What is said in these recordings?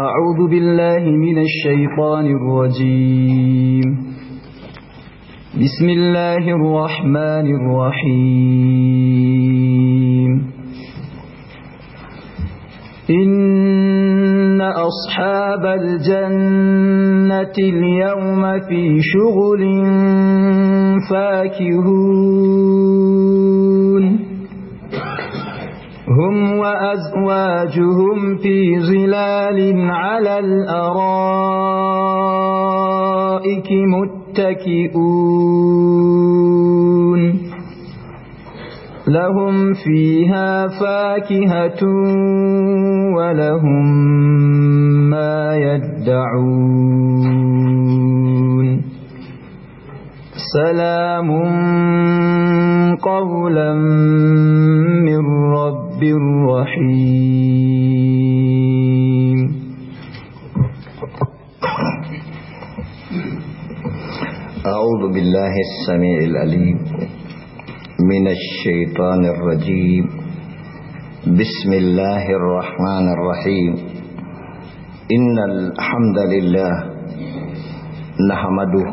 أعوذ بالله من الشيطان الرجيم بسم الله الرحمن الرحيم إن أصحاب الجنة اليوم في شغل فاكهون هم وأزواجهم في ظلال على الأرائك متكئون لهم فيها فاكهة ولهم ما يدعون سلام قولا من رب رحيم أعوذ بالله السميع العليم من الشيطان الرجيم بسم الله الرحمن الرحيم إن الحمد لله نحمده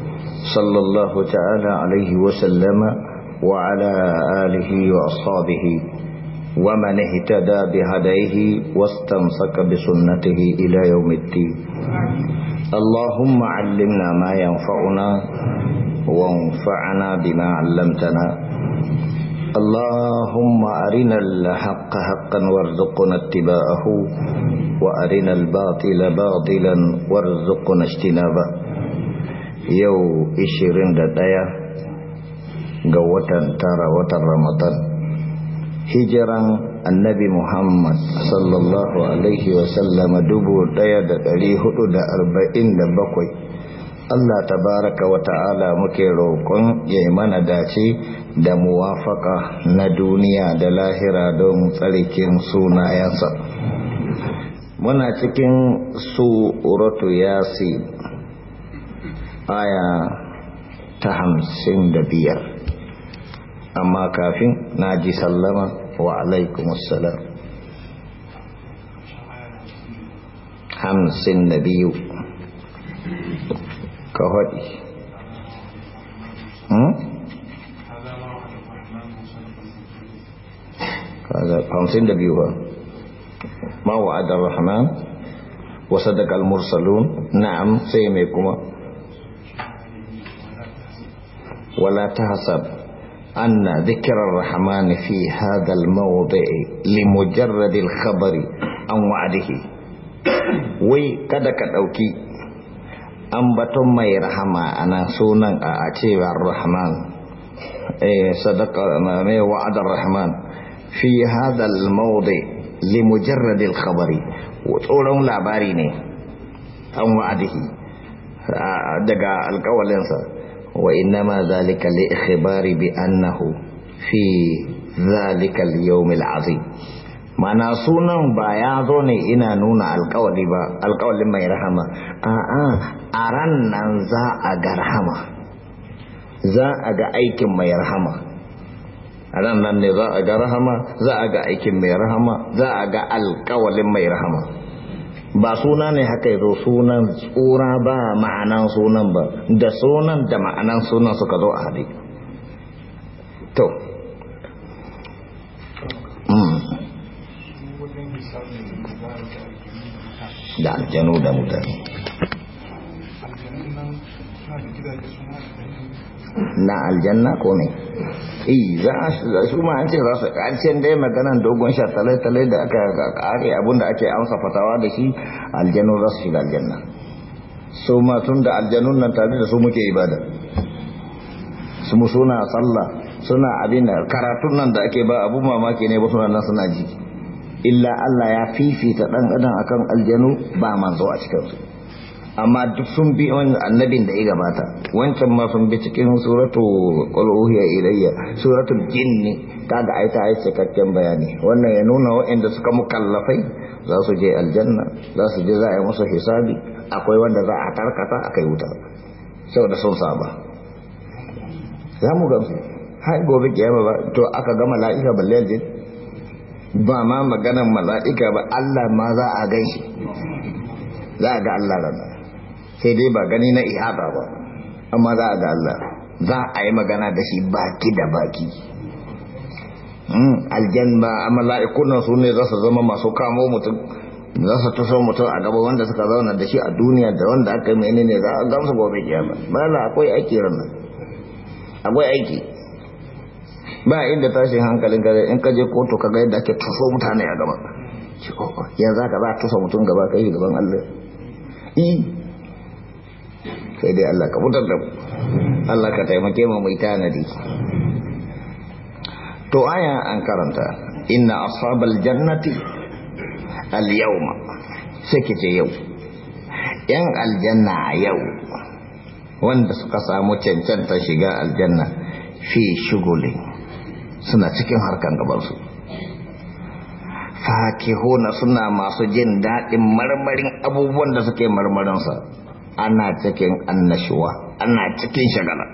صلى الله تعالى عليه وسلم وعلى آله وأصحابه ومن اهتدى بهديه واستمسك بسنته إلى يوم الدين اللهم علمنا ما ينفعنا وانفعنا بما علمتنا اللهم أرنا الحق حقا وارزقنا اتباعه وأرنا الباطل باطلا وارزقنا اجتنابه yau 21 ga watan tara watan ramadan hijiran annabi muhammad sallallahu alaihi wasallama bakwai. allah tabaraka wa ta'ala muke roƙon ya yi mana dace da muwafaka na duniya da lahira don tsarkin sunayensa muna cikin su suratu yasin aya ta hamsin da biyar amma kafin na ji sallama wa alaikumussalam hamsin da biyu ka haɗi hmm? hamsin da biyu ba ma wa'adar rahman wasu daga al-mursalun na'am sai mai kuma ولا تحسب أن ذكر الرحمن في هذا الموضع لمجرد الخبر أن وعده وي كدك أوكي أم بطم يرحم أنا سونا أعتبر الرحمن إيه، صدق وعد الرحمن في هذا الموضع لمجرد الخبر لا باريني أن وعده آه، دقاء القول الإنسان وإنما ذلك لإخبار بأنه في ذلك اليوم العظيم mana sunan ba ya zo ne ina nuna alkawali ba alkawalin mai rahama a'a a ran nan za a ga rahama za a ga aikin mai rahama a ran nan ne za a ga rahama za a ga aikin mai rahama za a ga alkawalin mai rahama ba suna ne haka yazo sunan tsura ba ma'anan sunan ba da sunan da ma'anan sunan suka zo a haɗe to mm. da aljanu da mutane na aljanna ko ne eh za su ma an ce za su karshen dai maganan dogon sha talai-talai da aka kare abinda ake amsa fatawa da shi aljanu za su shiga aljanna su ma tun da aljanun nan tare da su muke ibada su mu suna sallah suna abin da karatun nan da ake ba abu mamaki ne ba suna nan suna ji illa Allah ya fifita dan adam akan aljanu ba manzo a cikinsu amma duk sun bi wani annabin da ya gabata wancan ma sun bi cikin suratu quluhiya ilayya suratul jinni kaga aita ta yi cikakken bayani wannan ya nuna wa'inda suka mukallafai za su je aljanna za su je za a yi musu hisabi akwai wanda za a tarkata a kai wuta da sun saba za mu gamsu har gobe kiyama ba to aka ga mala'ika balle aljin ba ma maganan mala'ika ba Allah ma za a gan shi za a ga Allah ranar sai dai ba gani na ihaba ba amma za a ga Allah za a yi magana da shi baki da baki hmm, aljanna mala'ikunan su ne za su zama masu kamo mutum za su taso mutum a gaba wanda suka zauna da shi a duniya da wanda aka mene ne za a gamsu gobe kiyama bala akwai aiki ranar akwai aiki ba inda tashin hankalin gare in kaje kotu ka ga yadda ake taso mutane a gaba yanzu haka ba a taso mutum gaba kai gaban allah eh. sai dai Allah ka mutar da mu Allah ka taimake mu mai tanadi to aya an karanta inna ashabal jannati al yawma sai ke yau yan aljanna yau wanda suka samu cancanta shiga aljanna fi shugulin suna cikin harkan gabansu fakihuna suna masu jin daɗin marmarin abubuwan da suke marmarinsa ana cikin annashuwa ana cikin shagala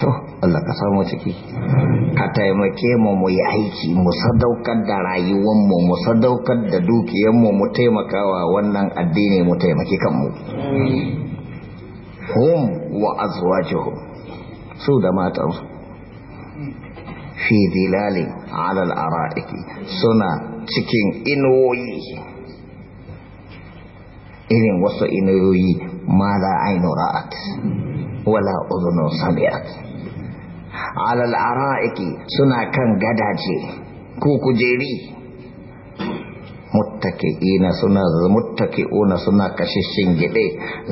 to Allah ka samu ciki ka taimake mu mu yi aiki mu sadaukar da rayuwar mu mu sadaukar da dukiyar mu mu taimakawa wannan addini mu taimaki kanmu hum wa azwajuhum su da matan. fi ala al ara'iki suna cikin inuwoyi irin wasu inayoyi ma la ainu ra'at wala uzunu sami'at alal suna kan gadaje ko kujeri muttaki'ina suna muttaki'una suna kashishin gide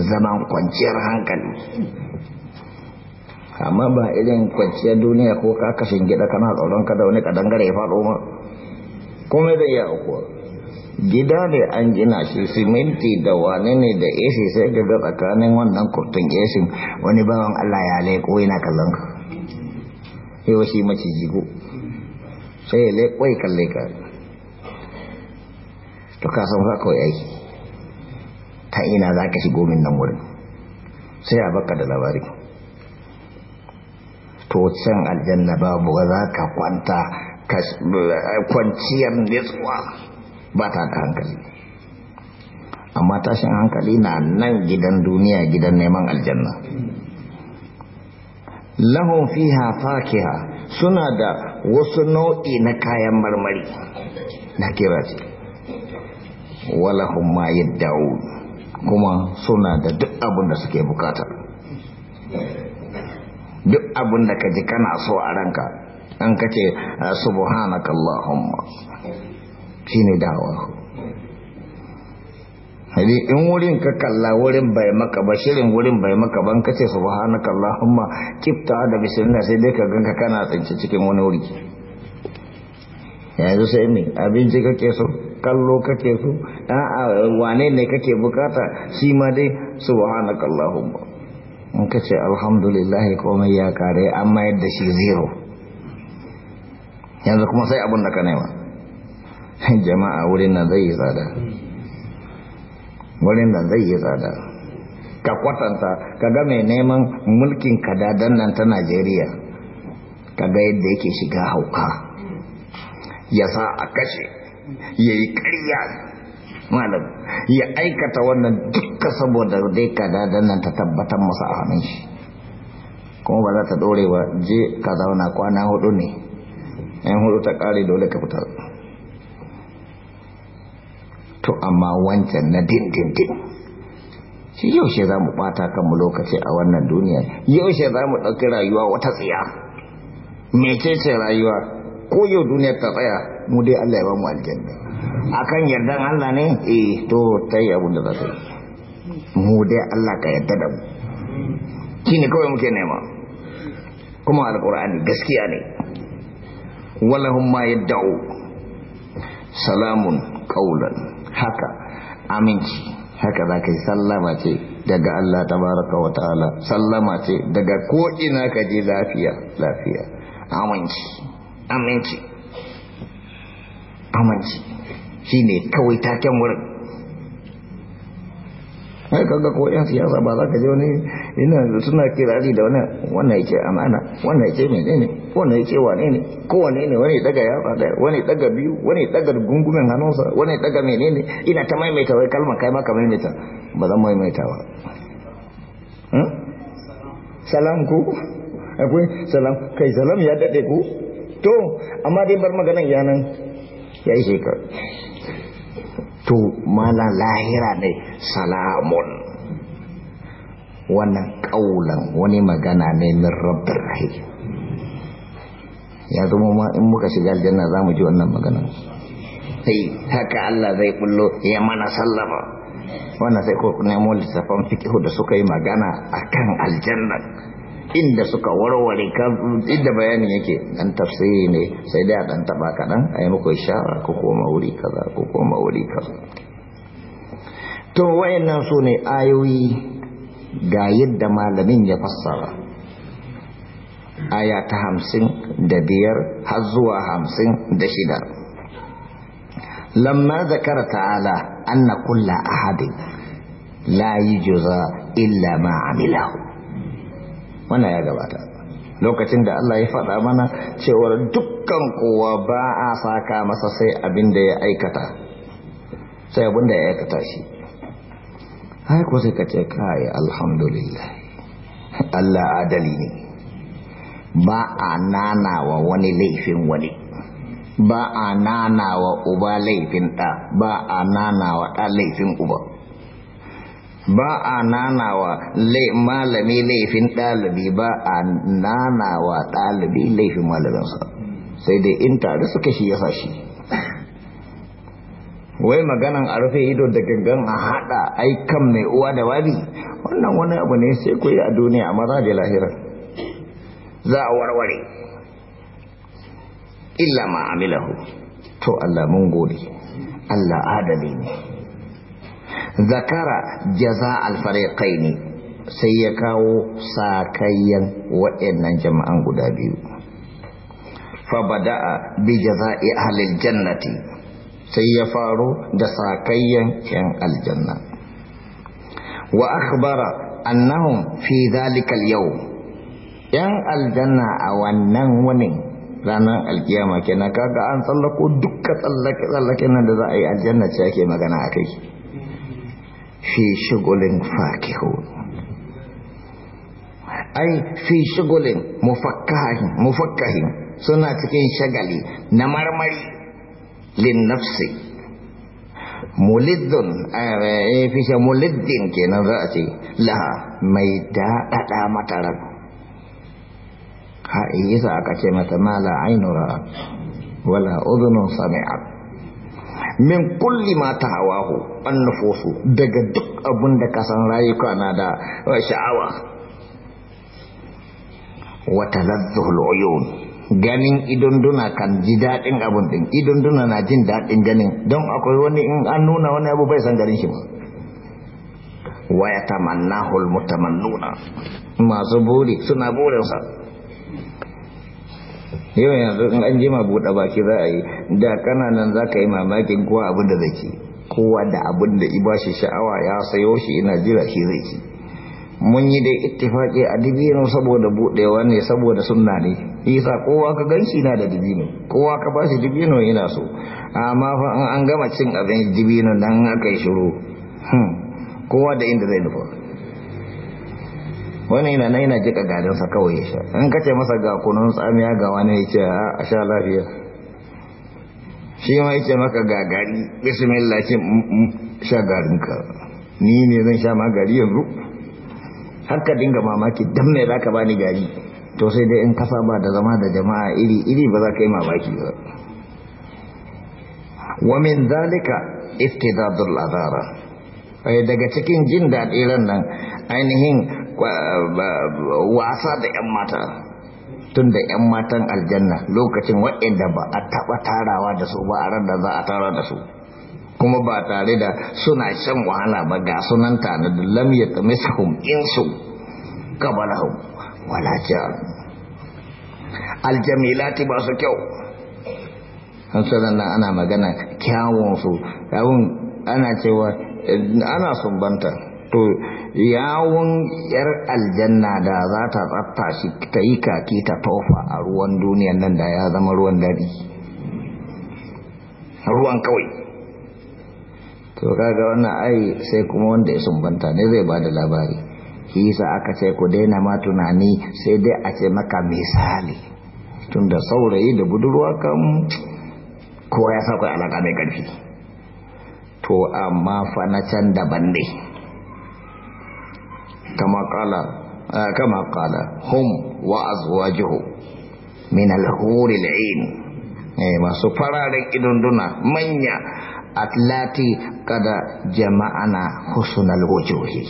zaman kwanciyar hankali amma ba irin kwanciyar duniya ko ka kashin gida kana tsoron ka da wani kadangare ya faɗo ma komai zai iya aukuwa gida ne an gina shi siminti da wane ne da esi sai ga tsakanin wannan kurtun esin wani bawan Allah ya leko yana kallon ka yau shi mace jigo sai ya leko ya kalle ka to ka san kawai aiki ta ina za ka shigo min nan wurin sai a baka da labari to can aljanna babu za ka kwanta kwanciyar nitsuwa ba ta hankali amma tashin hankali na nan gidan duniya gidan neman aljanna lahun fiha fakiha suna da wasu nau'i na kayan marmari na kira ce walahun ma kuma suna da duk abin da suke bukata duk abin da ka ji kana so a ranka an kace subhanakallahumma shi ne da'awahu in wurin ka kalla wurin bai maka ba shirin wurin bai maka ban kace subhanaka allahumma kifta da bismillah sai dai ka ganka kana tsince cikin wani wuri yanzu sai me abinci kake so kallo kake so a'a wane ne kake bukata shi ma dai subhanaka allahumma in kace alhamdulillah komai ya kare amma yadda shi zero yanzu kuma sai abin da ka nema jama'a wurin nan zai yi tsada wurin nan zai yi tsada ka kwatanta ka ga mai neman mulkin kadadan nan ta najeriya ka ga yadda yake shiga hauka ya sa a kashe ya yi ƙarya malam ya aikata wannan dukka saboda dai kadadan nan ta tabbatar masa a hannun shi kuma ba za ta dorewa ba je ka zauna kwana hudu ne yan hudu ta kare dole ka fitar to amma wancan na dindindin shi shi za mu ɓata kanmu lokaci a wannan duniya shi za mu ɗauki rayuwa wata tsaya tsiya ce rayuwa ko yau duniya ta tsaya mu dai allah ya ba mu aljanna akan yardan allah ne eh to ta yi abin da za ta yi mu dai allah ka yarda da mu shi ne kawai muke nema kuma alkur'ani gaskiya ne walahun ma yadda'u salamun qawlan haka aminci haka za ka yi sallama ce daga Allah ta baraka wa ta'ala sallama ce daga ko ina ka je lafiya lafiya aminci aminci aminci shi ne kawai taken wurin kai kaga ko yan siyasa ba za ka je wani ina suna kirari da wani wannan yake amana wannan yake menene wannan yake wane ne ko wane ne wani daga ya daya wani daga biyu wani daga gungumen hannunsa wani daga menene ina ta maimaita wai kalmar kai ma maimaita ba zan maimaita ba hmm? salam ku akwai salam kai salam ya dade ku to amma dai bar maganan yanan ya yi shekaru to mala lahira ne salamun wannan ƙaunan wani magana ne min rabbin rahim ya zama ma in muka shiga aljanna za mu ji wannan magana sai eh, haka Allah zai bullo ya mana sallama wannan sai ko nemo littafan fikihu da suka yi magana akan aljanna inda suka warware inda bayanin yake dan tafsiri ne sai dai a dan taba kaɗan a yi muku ishara ko koma wuri kaza ko koma wuri kaza to wayannan su ne ayoyi ga yadda malamin ya fassara aya ta hamsin da biyar har zuwa hamsin da shida lamma zakara ta'ala anna kulla ahadin la yi juza illa ma amilahu wannan ya gabata lokacin da Allah ya faɗa mana cewar dukkan kowa ba a saka masa sai abin da ya aikata sai abin da ya aikata shi har ko sai ka ce kai alhamdulillah Allah adali ne ba a nanawa wani laifin wani ba a nanawa uba laifin ɗa ba a nanawa ɗa laifin uba ba a nanawa malami laifin ɗalibi ba a nanawa ɗalibi laifin malaminsa sai dai in tare suka shi yasa shi wai maganan a rufe ido da gangan a haɗa aikan mai uwa da wari wannan wani abu ne sai ku yi a duniya amma za da lahira za a warware illa ma amilahu to Allah mun gode Allah adali ne zakara jaza ne sai ya kawo sakayyan waɗannan jama'an guda biyu fa bada'a bi jaza'i ahlil jannati sai ya faru da sakayyan yan aljanna wa akhbara annahum fi dhalika yau, yan aljanna a wannan wani ranar alkiyama kenan kaga an tsallako dukkan tsallake tsallaken nan da za a yi aljanna ce ake magana a kai fi shigulin fakihun ai fi shigulin mufakkahin suna cikin shagali na marmari lin nafsi muliddin ya eh, eh, fi shi muliddin kenan za a ce laha mai daɗaɗa matarar ha iya sa aka ce mata mala ainihin wala uzunin sami'ar min kulli ma ta an nufusu daga duk abun da san rayuka na da sha'awa wa talazzul uyun ganin idunduna kan ji daɗin abun din idunduna na jin daɗin ganin don akwai wani in an nuna wani abu bai san garin shi ba wa yatamannahul mutamannuna masu buri suna burinsa yau yanzu in an jima buɗe baki za a yi da nan za ka yi mamakin kowa abin da zai ci kowa da abin da iba shi sha'awa ya sayo shi ina jira shi zai ci mun yi dai ittifaki a dibino saboda buɗewa ne saboda sunna ne isa kowa ka ganshi na da dibino kowa ka bashi dibino yana so amma fa an gama cin abin dibino dan aka yi shiru hmm, kowa da inda zai nufa wani yana na yana jika sa kawai ya sha in kace masa ga kunun tsamiya ga wani ya ce a sha lafiya shi ma ya ce maka ga gari bismillah ce mm, mm, sha garinka ni ne zan sha ma gari yanzu har ka dinga mamaki dan me zaka bani gari to sai dai in kasa ba da zama da jama'a iri iri ba za ka yi mamaki ba wa min zalika istidadul adara eh, daga cikin jin daɗi ran nan ainihin wasa da 'yan mata tun da 'yan matan aljanna lokacin waɗanda ba a taɓa tarawa da su ba a ran da za a tara da su kuma ba tare da suna shan wahala ba ga sunan ta da dullam ya tamishum insu kabalahum wala jan aljamilati ba su kyau an sanar ana magana kyawunsu yawon ana cewa eh, ana sumbanta to yawon yar aljanna da za ta tsafta shi ta yi kaki ta tofa a ruwan duniya nan da ya zama ruwan dadi ruwan kawai to kaga wannan ai sai kuma wanda ya sumbanta ne zai ba da labari shi yasa aka ce ku daina ma tunani sai dai a ce maka misali tun da saurayi da budurwa kan kowa ya sa kai alaka mai karfi. to amma fa na can daban ne kama kala kama kala hum wa azwajuhu min al-hur al-ain masu fararen idunduna manya atlati kada jama'ana husunal wujuhi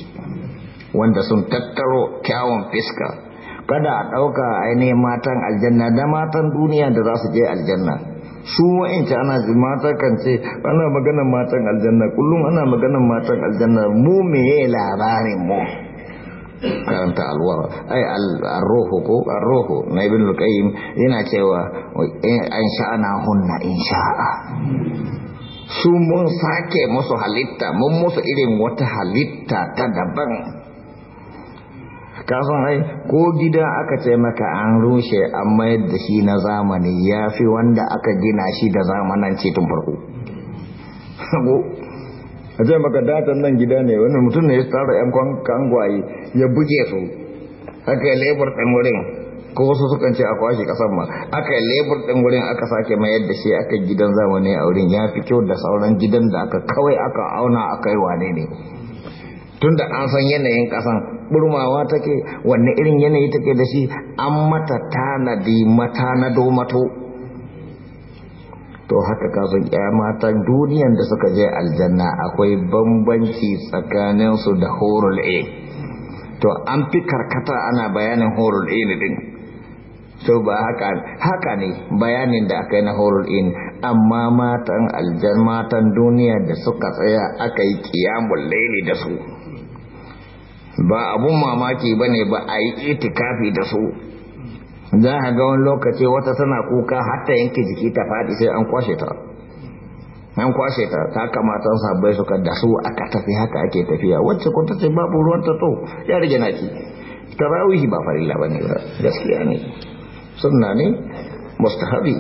wanda sun tattaro kyawun fiska kada a ɗauka ainihin matan aljanna da matan duniya da za su je aljanna su wa'ince ana mata kan ce ana maganan matan aljanna kullum ana maganan matan aljanna mu meye labarin mu karanta alwara ai arroho ko arroho na ibn al-qayyim yana cewa eh, an ana hunna in sha'a su mun sake musu halitta mun musu irin wata halitta ta daban kasan ai ko gida aka ce maka an rushe an mayar da shi na zamani ya fi wanda aka gina shi da zamananci tun farko a zai maka datan nan gida ne wannan mutum ne ya tsara yan kangwaye ya buge su aka yi lebur ɗan wurin ko wasu sukan ce a kwashe ƙasar ma aka yi lebur ɗan wurin aka sake mayar da shi aka gidan zamani a wurin ya fi kyau da sauran gidan da aka kawai aka auna aka yi wane ne tunda an san yanayin kasan burmawa take wanne irin yanayi take da shi an mata tanadi matanado mato to haka kafin kasan matan duniyan da suka je aljanna akwai bambanci tsakaninsu da horul a to an fi karkata ana bayanin horul a din so ba haka haka ne bayanin da aka yi na horul a amma matan aljanna matan duniya da suka tsaya aka yi kiyamun laili da su ba abun mamaki ba ne ba a yi itikafi da su za a ga wani lokaci wata tana kuka hatta yanke jiki ta faɗi sai an kwashe ta an kwashe ta ta kamata sabbai suka da su aka tafi haka ake tafiya wacce kun tace babu ruwan ta to ya rage naki tarawihi ba farilla bane gaskiya ne sunna ne mustahabi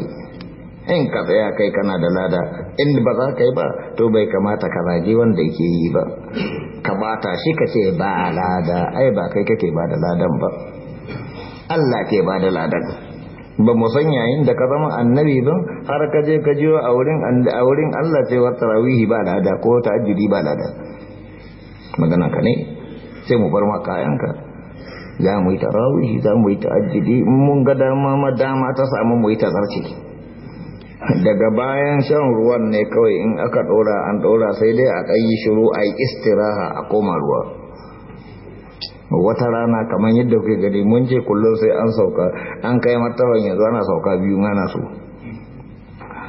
in ka tsaya kai kana da lada in ba za ka yi ba to bai kamata ka rage wanda yake yi ba ka bata shi ka ce ba lada ai ba kai kake ba da ladan ba Allah ke ba da ladar ba mu san yayin da ka zama annabi ba har ka je ka jiwa a wurin a wurin Allah wa tarawihi ba lada ko tahajjudi ba lada magana ka ne sai mu bar ma kayanka za mu yi tarawihi za mu yi tahajjudi mun ga dama ma dama ta samu mu yi tazarci daga bayan shan ruwan ne kawai in aka dora an dora sai dai a kai shiru a yi istiraha a koma ruwa wata rana kamar yadda kuke gani mun ce kullum sai an sauka an kai martaban yanzu ana sauka biyu ana so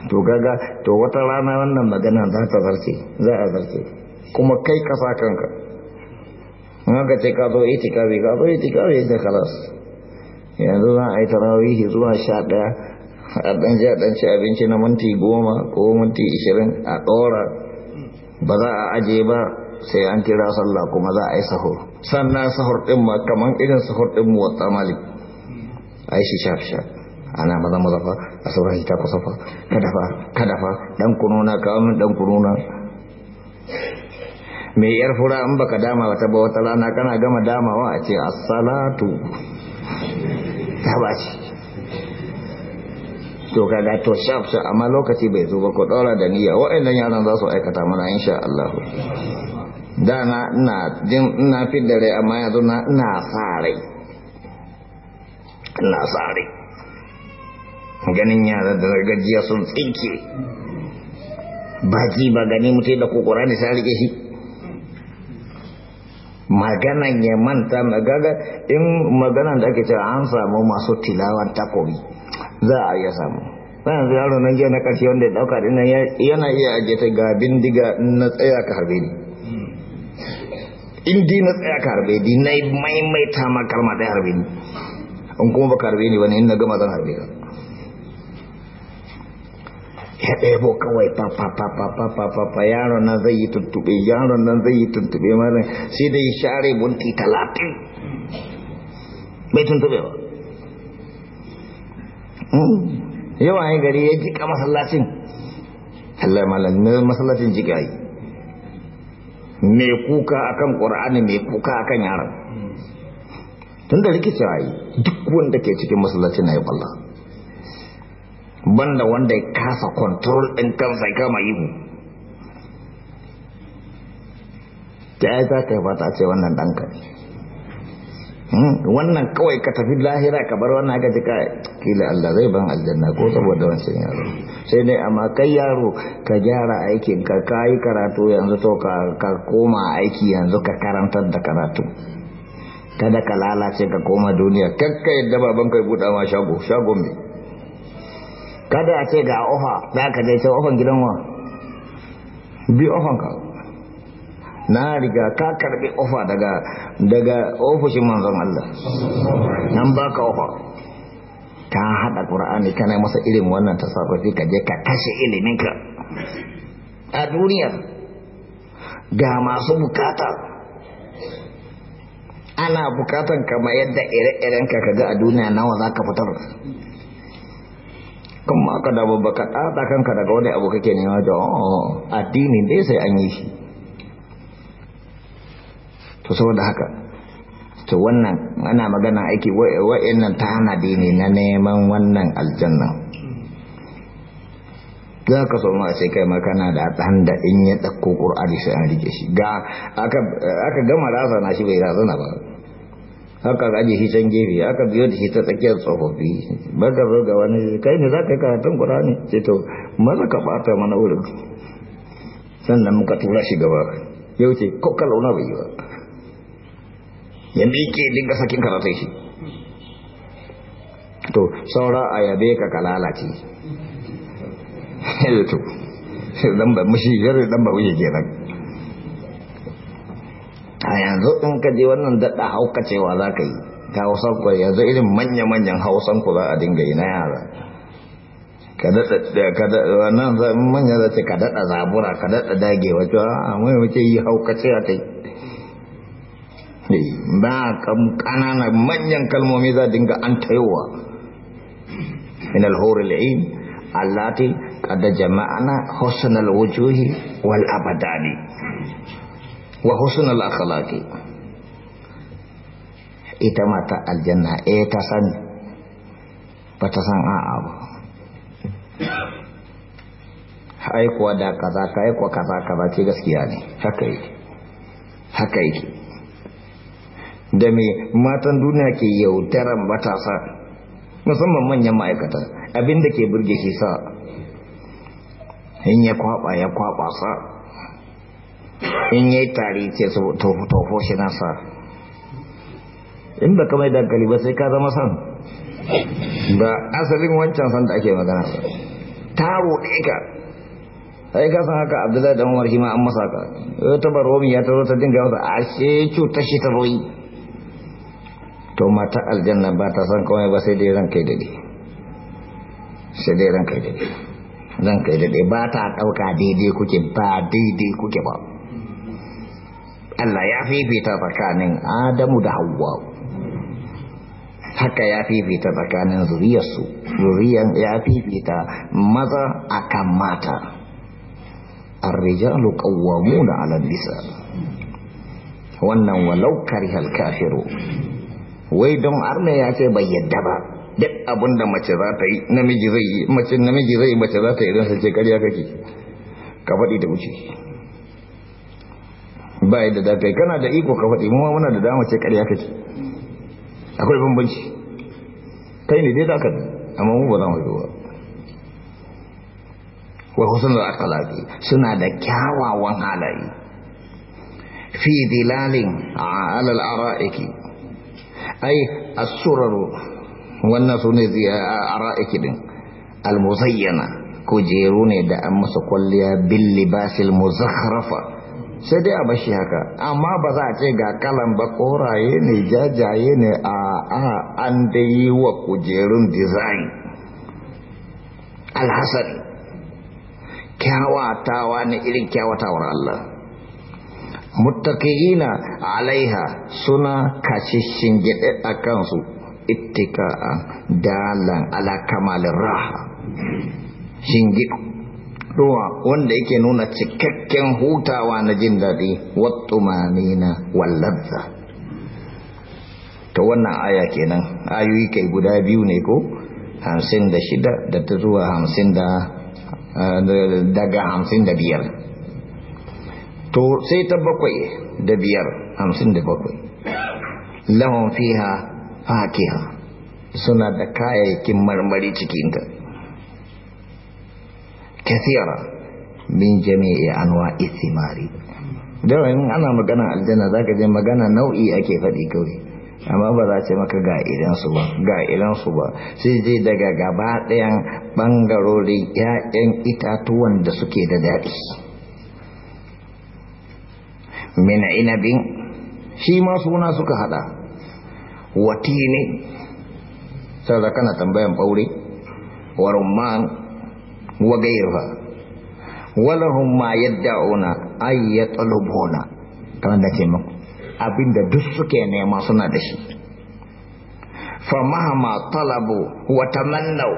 to gaga to wata rana wannan magana za ta zarce za a zarce kuma kai ka sa kanka in haka ce ka zo itikafi ka zo itikafi da kalas yanzu za a yi tarawihi zuwa sha ɗaya a ɗan ji a ɗan ci abinci na minti goma ko minti ishirin a ɗora ba za a aje ba sai an kira sallah kuma za a yi sahur sannan sahur ɗin ma kamar irin sahur ɗin mu wata malik a yi shi shaf sha ana maza maza fa a sauran shi ta kusa fa kada fa kada fa ɗan kununa kawamin ɗan kununa mai yar fura in baka dama wata ba wata rana kana gama damawa a ce assalatu ta ce to kaga to sha-sha amma lokaci bai zo ba ku ɗora da niyya wa'annan yaran za su aikata mana insha Allah dana ina jin ina fi da rai amma yanzu na ina sa rai ina sa rai ganin yara da gajiya sun tsinke baki ba gani mutai da kokora ne sai rike shi maganan ya manta magaga in maganan da ake cewa an samu masu tilawar takobi za a iya samu yanzu yaro nan jiya na ƙarshe wanda ya dauka dinnan yana iya ajiye ta ga bindiga na tsaya ka harbe ni in dai na tsaya ka harbe di na maimaita ma kalma ɗaya harbe ni in kuma baka harbe ni wani in na gama zan harbe ka ya bo kawai fa fa fa fa fa fa fa fa yaron nan zai yi tuntube yaron nan zai yi tuntube mana sai da ya share bunti talatin bai tuntube ba hmm. yawan gari ya jika masallacin Allah malam masallacin jika yi mai kuka akan ƙur'ani mai kuka akan yaran tun da rikicewa yi duk wanda ke cikin masallaci na yi banda wanda ya kasa control ɗin kansa ya kama ihu ta yi za ka yi fata ce wannan ɗanka Hmm? wannan kawai ka tafi lahira ka bar wannan haka jika kila Allah zai ban aljanna ko saboda wancan yaro sai dai amma kai yaro ka gyara aikin ka kai karatu yanzu to ka koma aiki yanzu ka karantar da karatu kada ka lalace ka koma duniya kakka yadda baban kai buɗa ma shago shago me. kada a ce ga ofa za ka je ce ofan gidan wa bi ofan ka na riga ka karbi ofa daga daga ofishin manzon Allah nan baka ofa ka hada qur'ani kana masa irin wannan tasarrufi ka je ka kashe ilimin ka a duniya ga masu bukata ana bukatan kama yadda ire-iren ka kaga a duniya nawa za ka fitar kuma aka dawo baka ka ɗaɗa kanka daga wani abu kake nema da oh, addini dai sai an yi shi to saboda haka to wannan ana magana aiki wa'annan ta hana ne na neman wannan aljanna za ka so ma a ce kai makana da ɗan da in ya ɗakko ƙur'ani sai an rike shi ga aka gama razana shi bai razana ba haka ga shi hitan gefe aka biyo da shi ta tsakiyar tsofaffi baka zo ga wani kai ne za ka yi karatun ƙur'ani ce to maza ka ɓata mana wurin sannan muka tura shi gaba yau ce ko kalauna bai yi ba ya yake dinga sakin karatun shi to saura a yabe ka kalalace to dan ba mushi yare dan ba wuce kenan a yanzu in ka je wannan dadda haukacewa za ka yi ta hausan ku yanzu irin manya-manyan hausan ku za a dinga yi na yara wannan manyan za ce ka daɗa zabura ka daɗa dagewa cewa a mai wuce yi haukacewa ta yi Eh, ba ƙananan manyan kalmomi za dinga an tayowa min alhoril la'in allati qad jama'ana husnal wujuhi wal abadani wa husnal akhlaqi ita mata aljanna eh ta san ba ta san a ba ai kuwa da kaza ka ai kaza ka ba ce gaskiya ne haka yake haka yake da mai matan duniya ke yaudaran matasa musamman manyan ma'aikata abin da ke burge shi sa in ya kwaba ya kwaba sa in ya yi tari ce su tofo shi na sa in ba yi dankali ba sai ka zama san ba asalin wancan san da ake magana ba taro ɗaya ai ka san haka abdullahi dan umar shi ma an masa ka ta baromi ya taro ta dinga wata ashe cutar shi ta roi to mata aljanna ba ta san kawai ba sai dai ran kai dade sai dai ran kai dade ran kai dade ba ta dauka daidai kuke ba daidai kuke ba Allah ya fifita tsakanin Adamu da Hawwa haka ya fifita tsakanin zuriyarsu zuriyar ya fifita maza akan mata الرجال قوامون على النساء wannan walau karihal kafiru wai don arna ya ce bai yadda ba duk abin da mace za ta yi namiji zai yi mace namiji zai mace za ta yi don ce karya kake ka faɗi da wuce ba yadda da kai kana da iko ka faɗi mu muna da dama ce karya kake akwai bambanci kai ne dai za ka amma mu ba za mu yi ba wa husnul akhlaqi suna da kyawawan halaye fi dilalin ala al-ara'iki ai as-suraru wannan sune ara'iki din al-muzayyana ko jeru ne da an masa kwalliya bil libasil muzakhrafa sai dai a bashi haka amma ba za a ce ga kalan ba koraye ne jajaye ne a an da yi wa kujerun design alhassan kyawatawa ne irin kyawatawar Allah muttaqiina alaiha suna kashishin gede a kansu ittika'an dalan ala kamalin raha shingi ruwa wanda yake nuna cikakken hutawa na jin daɗi wattumanina wallabza to wannan aya kenan ayoyi kai guda biyu ne ko hamsin da ta zuwa 50 eh, daga hamsin biyar to sai ta bakwai da biyar hamsin da bakwai lahon fiha fakiha suna da kayayyakin marmari cikinta kathira min jami'i anwa isimari dawa in ana magana aljanna zaka je magana nau'i ake faɗi kawai amma ba za ce maka ga idansu ba ga idansu ba sai je daga gaba ɗayan ɓangarorin 'ya'yan itatuwan da suke da daɗi ina inabin shi ma suna suka hada watini saboda kana tambayan ɓaure wa rumman wa gairfa walahun ma yadda yadda'una ay yatlubuna kan da ke abinda duk suke nema suna da shi famahama talabu wata mannau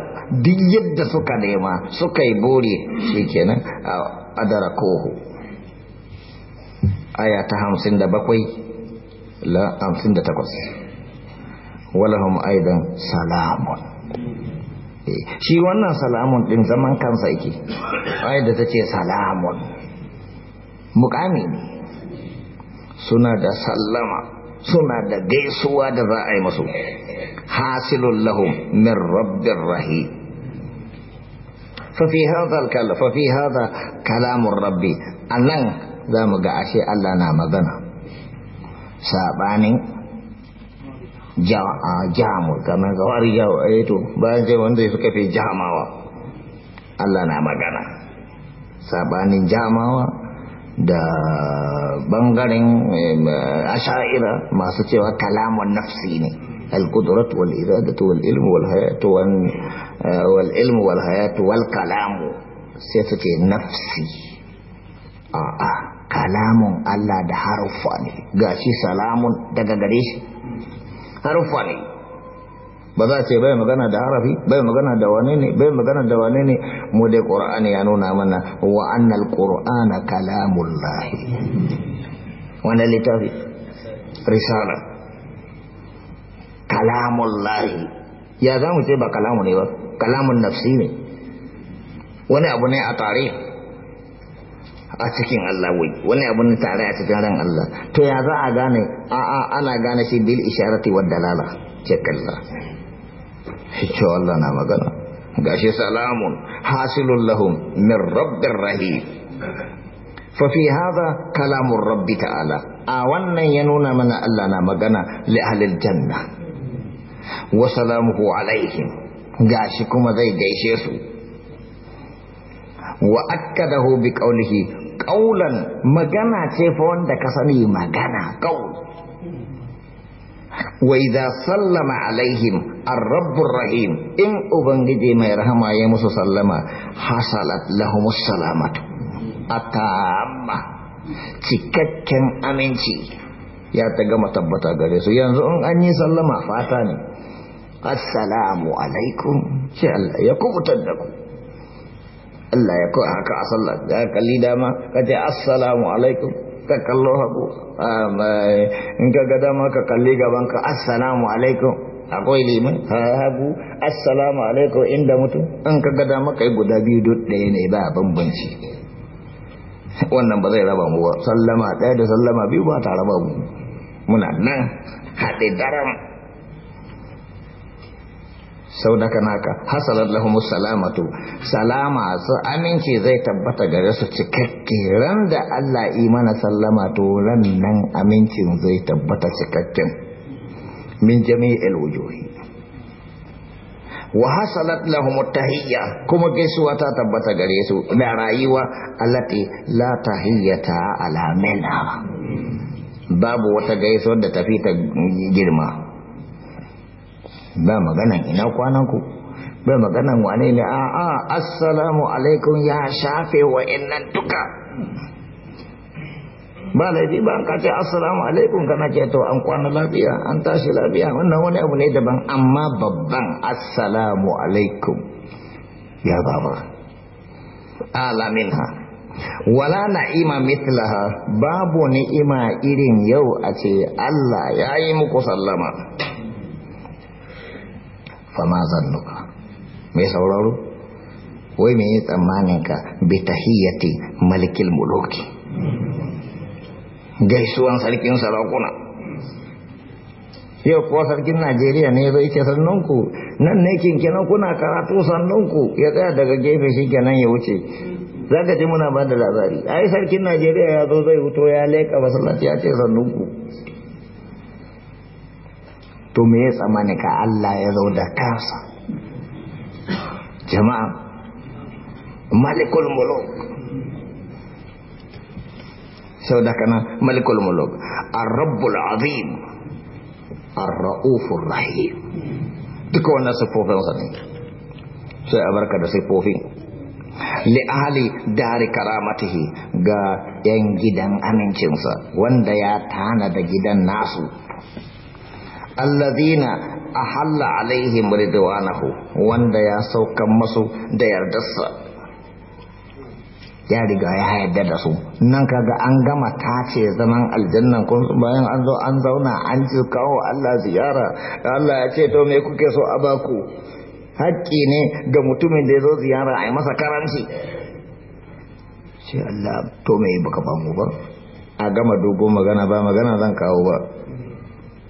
duk yadda suka nema suka yi bore kenan a kohu. aya ta hamsin da bakwai la hamsin da takwas walahum aidan salamun shi wannan salamun din zaman kansa yake ayar da ta ce salamun mukami ne suna da sallama suna da gaisuwa da za a yi masu hasilun lahum min rabbin rahim ففي هذا الكلام ففي هذا كلام الرب أنن za mu ga ashe Allah na magana saɓanin jamu kamar gawar yawa to bayan ce wanda suka fi jamawa Allah na magana saɓanin jamawa da bangaren asha'ira masu cewa kalamun nafsi ne القدرة والإرادة والعلم والحياة والعلم والحياة والكلام sai su ce nafsi a'a kalamun Allah da haruffa ne shi salamun daga gare shi haruffa ne ba za a ce bai magana da harafi bai magana da wane ne bai magana da wane ne mu dai qur'ani ya nuna mana wa annal qur'ana kalamullah wannan littafi risala kalamullah ya za mu ce ba kalamu ne ba kalamun nafsi ne wani abu ne a tarihi a cikin Allah wai wani abun tare a cikin ran Allah to ya za a gane a a ana gane shi bil isharati wad dalala ce kalla shi Allah na magana gashi salamun hasilul lahum min rabbir rahim fa fi hadha kalamur rabbi ta'ala a wannan ya nuna mana Allah na magana li ahlil janna wa salamuhu alaihim gashi kuma zai gaishe su wa akkadahu bi qawlihi ƙaulan magana ce fa wanda ka sani magana ƙaul wa idza sallama alaihim ar-rabbur rahim in ubangiji mai rahama ya musu sallama hasalat lahumus salamatu atamma cikakken aminci ya ta gama tabbata gare su yanzu in an yi sallama fata ne assalamu alaikum Allah ya kubutar da ku Allah ya kawai haka a sallah da kalli dama ka ce assalamu alaikum ka kallo hagu ah, in ka ga dama ka kalli gaban ka assalamu alaikum akwai liman haku assalamu alaikum inda mutum in ka ga dama kai guda biyu duk ɗaya ne ba bambanci wannan ba zai raba mu ba sallama ɗaya da sallama biyu ba ta raba mu muna nan haɗe daram sau da kanaka hasalar lahumus salamatu salama su aminci zai tabbata gare su cikakke ran da Allah imana sallama to ran nan amincin zai tabbata cikakken min jami'il wujuhi wa hasalat lahum tahiyya kuma gaisuwa ta tabbata gare su da rayuwa allati la tahiyyata ala minha babu wata gaisuwa da tafi ta girma ba magana ina kwanan ku ba magana wane ne a a assalamu alaikum ya shafe wa innan duka ba laifi ba an kace assalamu alaikum kana ce to an kwana lafiya an tashi lafiya wannan wani abu ne daban amma babban assalamu alaikum ya baba ha wala na'ima mithlaha babu ni'ima irin yau a ce Allah ya yi muku sallama fama zannuka mai sauraro wai mai tsammanin ka bi tahiyyati malikil muluki gaisuwan sarkin sarakuna yau kuwa sarkin najeriya ne zai ke sannunku nan ne kinkinan kuna karatu sannunku ya tsaya daga gefe shi kenan ya wuce za ji muna ba da labari ai sarkin najeriya ya zo zai wuto ya leka masallaci ya ce sannunku to me ya tsammani ka Allah ya zo da kansa jama'a malikul muluk sau da kana malikul muluk arrabbul azim arra'ufur rahim duka wannan siffofinsa ne sai a barka da siffofin li'ali dari karamatihi ga 'yan gidan amincinsa wanda ya tana da gidan nasu allazina ahalla alaihim ridwanahu wanda ya saukan masu da yardarsa ya riga ya yarda da su nan kaga an gama tace zaman aljannan kun bayan an zo an zauna an ji kawo Allah ziyara Allah ya ce to me kuke so a baku haƙƙi ne ga mutumin da ya zo ziyara a yi masa karanci sai Allah to me baka bamu ba a gama dogon magana ba magana zan kawo ba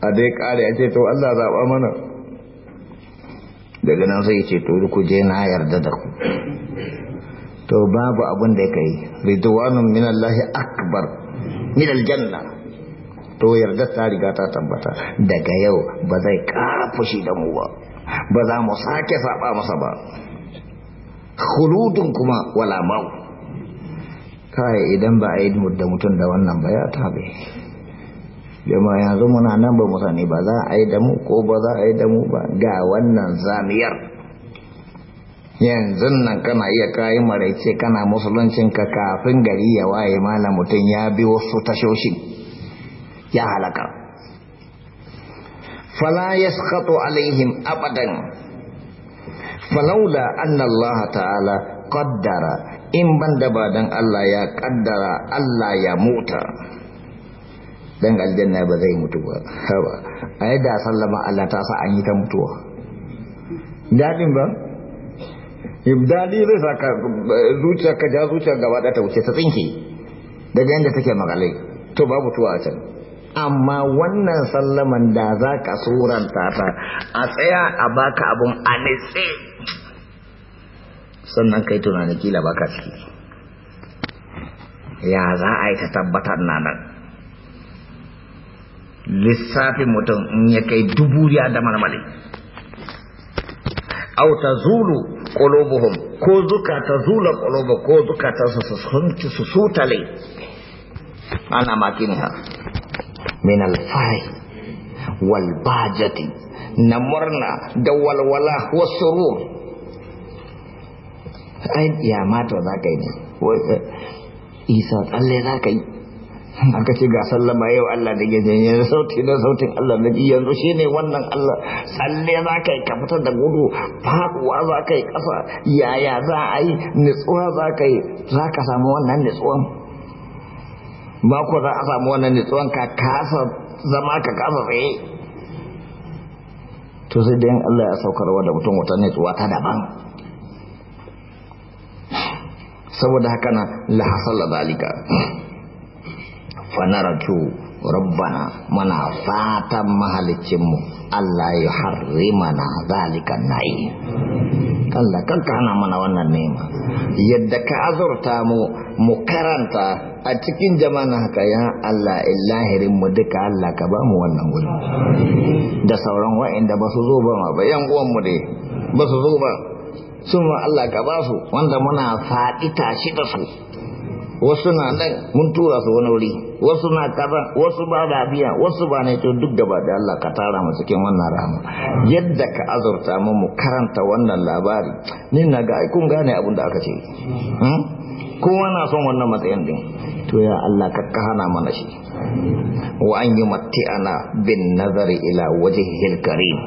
a dai kare ya ce to Allah zaɓa mana daga nan sai ce to ku je na yarda da ku to babu abin da kai ridwanun min Allah akbar min aljanna to yarda ta riga ta tabbata daga yau ba zai ƙara fushi da mu ba ba za mu sake saba masa ba khuludun kuma wala mau kai idan ba a yi da mutum da wannan ba ya tabe jama'a yanzu muna nan ba mu sani ba za a yi da mu ko ba za a yi da mu ba ga wannan zamiyar yanzu nan kana iya kayi maraice kana ka, kafin gari ya waye malam mutum ya bi wasu tashoshi ya halaka fala yasqatu alaihim abadan falaula anna Allah ta'ala qaddara in banda ba dan Allah ya ƙaddara Allah ya muta dan aljanna ba zai mutu ba haba a yadda sallama Allah ta sa an yi ta mutuwa dadin ba ibdadi zai saka zuciya ka ja zuciya gaba da ta wuce ta tsinke daga yadda take magalai to babu tuwa a can amma wannan sallaman da za ka suranta ta a tsaya a baka abun a nitsi sannan kai tunanin kila baka ciki ya za a yi ta tabbatar na nan lissafin mutum in ya kai dubu ya da marmari au ta zulu ƙolobuhun ko zuka ta zula ƙolobu ko zuka ta su sutale ana makini ha min alfai walbajati na murna da walwala wasu ruwa ai ya mata za ka yi ne eh, isa tsalle za ka yi aka ce ga sallama yau Allah da gajen ya sauti da sautin Allah da ji yanzu shi ne wannan Allah tsalle za ka yi ka da gudu faɗuwa za ka yi ƙasa yaya za a yi nutsuwa za ka yi za ka samu wannan nutsuwan ba ku za a samu wannan nutsuwan ka kasa zama ka kasa tsaye to sai dai Allah ya saukar da mutum wata nutsuwa ta daban saboda haka na la hasala zalika fanaratu rabbana mana fatan mahalicinmu Allah ya harrimana zalikan na'i Allah kanka hana mana wannan nema yadda ka azurta mu mu karanta a cikin jama'a haka ya Allah illahirin mu duka Allah ka ba mu wannan gudu da sauran wa'inda ba su zo ba ma ba yan uwan mu dai ba su zo ba sun Allah ka ba su wanda muna faɗi tashi da su wasu na nan mun tura su wani wuri wasu na kaza wasu ba da biya wasu ba ne to duk gaba da Allah ka tara mu cikin wannan rama yadda ka azurta mu mu karanta wannan labari ni na ga kun gane abin da aka ce hmm? kowa na son wannan matsayin din to ya Allah ka kahana mana shi wa an yi ana bin nazari ila waje karim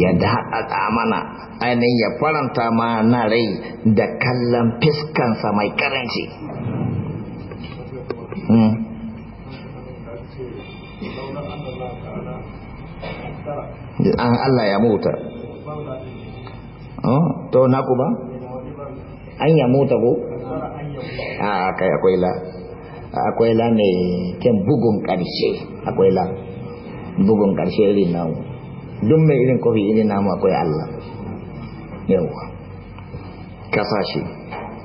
ya daɗaɗa mana ainihin ya faranta ma na rai da kallon fiskansa mai karanci Hmm. an ah, Allah ya muta oh, to na ku ba an ya mota ko a ah, kai akwai la akwai la ne ken bugun karshe akwai la bugun karshe irin namu duk mai irin kofi irin namu akwai Allah yawwa kasashe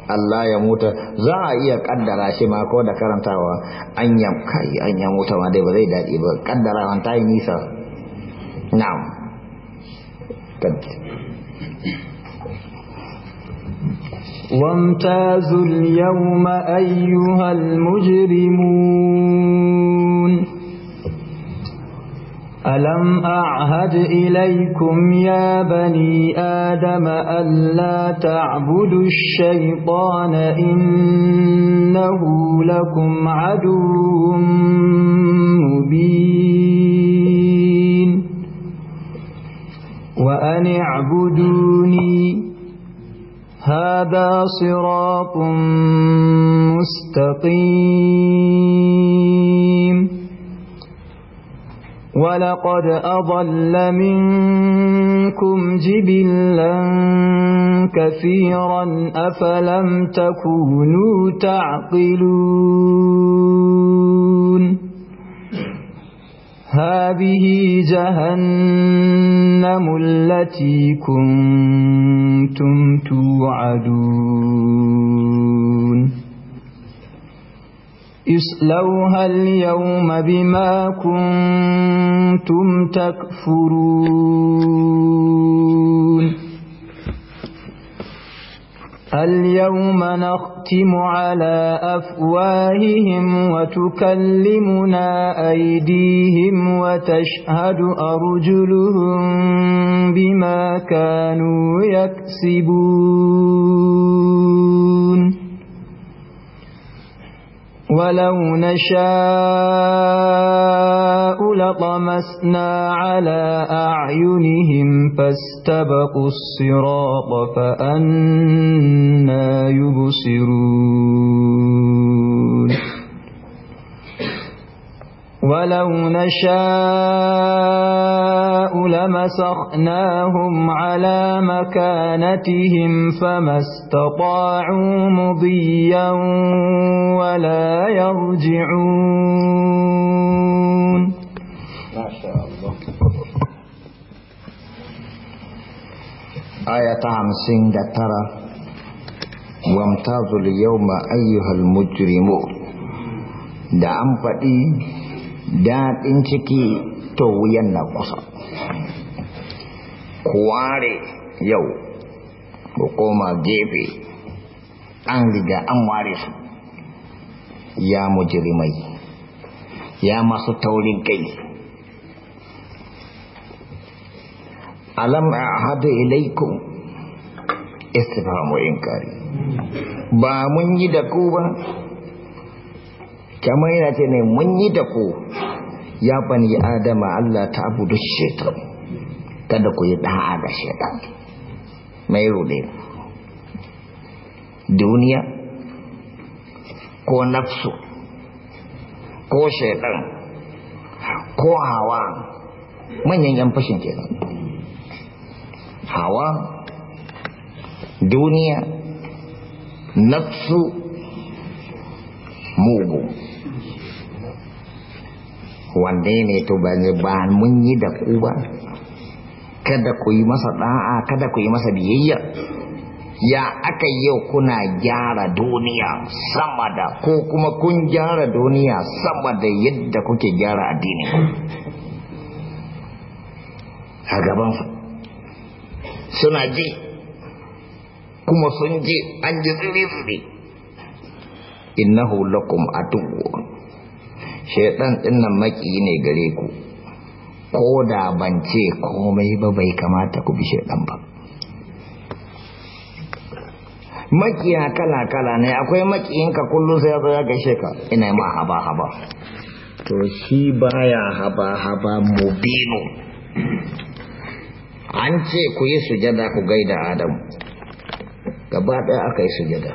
Allah ya muta za a iya kaddara shi ma ko da karantawa an ya kai an ya muta ma dai ba zai daɗi ba kaddara wan ta yi nisa na'am وامتازوا yawma ayyuhal mujrimun. ألم أعهد إليكم يا بني آدم ألا تعبدوا الشيطان إنه لكم عدو مبين وأن اعبدوني هذا صراط مستقيم ولقد أضل منكم جبلا كثيرا أفلم تكونوا تعقلون هذه جهنم التي كنتم توعدون اصلوها اليوم بما كنتم تكفرون اليوم نختم على أفواههم وتكلمنا أيديهم وتشهد أرجلهم بما كانوا يكسبون ولو نشاء لطمسنا على أعينهم فاستبقوا الصراط فأنا يبصرون ولو نشاء لمسخناهم على مكانتهم فما استطاعوا مضيا ولا يرجعون ما شاء الله آية عمسين ترى وامتازوا اليوم أيها المجرمون da an faɗi daɗin ciki to wuyan na kusa kware yau ku koma gefe an riga an ware su ya mujirimai ya masu taurin kai alam a hadu ilaikun. istifhamu inkari ba mun yi da ku ba kamar yana ce ne mun yi da ku ya bani adama Allah ta abu da shaitan kada ku yi da'a da shaitan mai rude duniya ko nafsu ko shaitan ko hawa manyan yan fashin ke hawa duniya nafsu mugu Wanene ne to ba ba mun yi da ku ba kada ku yi masa da'a kada ku yi masa biyayya ya aka yau kuna gyara duniya sama da ko kuma kun gyara duniya sama da yadda kuke gyara addini a gaban suna ji kuma sun ji an ji zuri-zuri innahu lakum shaidan din nan maki ne gare ku ko da ban ce komai ba bai kamata ku bi shaidan ba makiya kala-kala ne akwai makiyinka kullum sai ya zo ya gaishe ka ina ma haba-haba to shi baya haba-haba mubino an ce ku yi sujada ku gaida adam gaba ɗaya aka yi sujada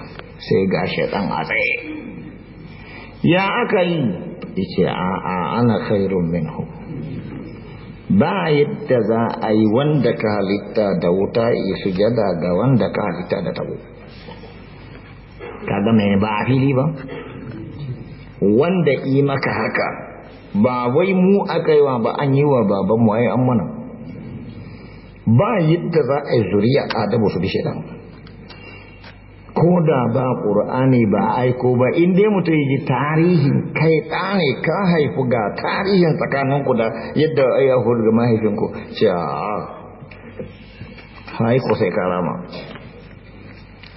sai ga shaɗan a tsaye ya aka yi yace a a ana khairun minhu ba yadda za a yi wanda ka halitta da wuta ya sujada ga wanda ka halitta da tabo kaga mai ba a fili ba wanda yi maka haka ba wai mu aka yi wa ba an yi wa baban mu ai an mana ba yadda za a yi zuriya adabu su bi shaidan ko da ba ƙur'ani ba aiko ba in dai mutum yi tarihin kai ɗa ne ka haifu ga tarihin tsakaninku da yadda ya ga mahaifinku a haiko sai karama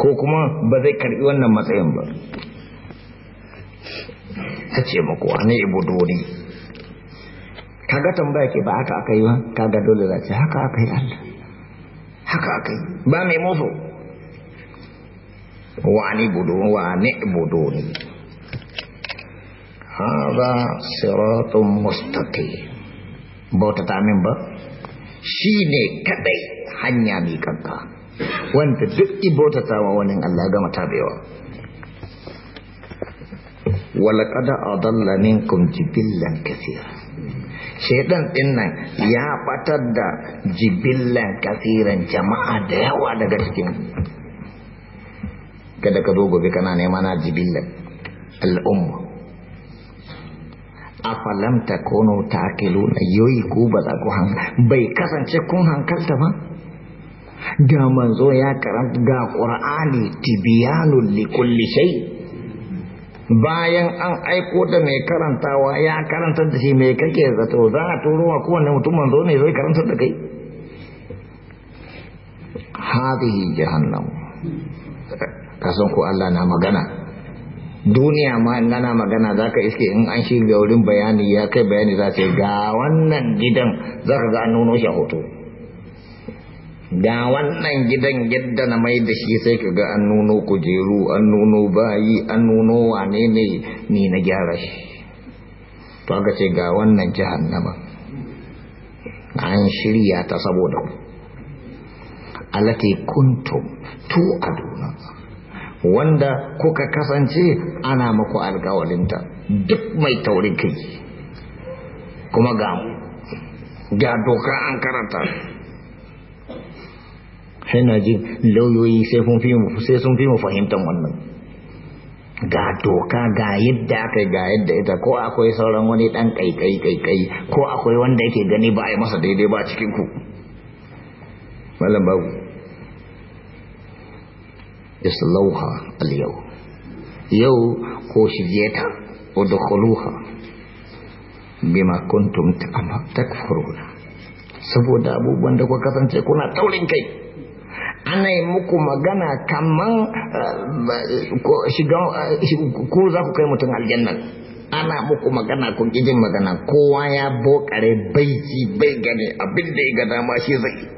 ko kuma ba zai karɓi wannan matsayin ba ta ce maku wani ibudori kaga tambaya ke ba haka aka yi ba kaga dole za ce haka aka yi allah haka aka yi ba mai mutu. wani budu wani budu ne haza siratun mustaqi ta min ba shi ne kadai hanya mai kanka wanda duk ibota ta wa wani Allah gama tabewa Walakada adalla minkum jibillan kathira shaitan dinnan ya batar da jibillan kathiran jama'a da yawa daga cikin kada ka zo gobe kana nema na jibillar al'umma afalam takunu taqiluna yoyi ko ba za ku bai kasance kun hankalta ba ga manzo ya karanta ga qur'ani tibyanul likulli shay bayan an aiko da mai karantawa ya karanta da shi mai kake zato za a turo wa kowane mutum manzo ne zai karanta da kai hadihi jahannam Ka san ko Allah na magana duniya ma in ana magana za ka iske in an shi ga wurin bayani ya kai bayani za ce ga wannan gidan za ka ga an nuno shi a hoto ga wannan gidan yadda na mai da shi sai ka ga an nuno kujeru an nuno bayi an nuno wane ne ni na gyara shi to aka ce ga wannan jahannama an shirya ta saboda ku alati kuntum tu aduna wanda kuka kasance ana maku alkawalinta duk mai taurin kai kuma ga ga doka an karanta haina ji lauyoyi sai sun fi mu fahimtar wannan ga doka ga yadda aka ga yadda ita ko akwai sauran wani dan kaikai kaikai ko akwai wanda yake gani ba a yi masa daidai ba cikin ku malam babu islauha al-yau yau ko shige ta udkhuluha bima kuntum takfuruna saboda abubuwan da kuka kasance kuna taurin kai ana yi muku magana kaman eh, ko eh, za ku kai mutum aljannan ana muku magana kun jin magana kowa ya bokare bai ji bai gani abin da ya dama shi zai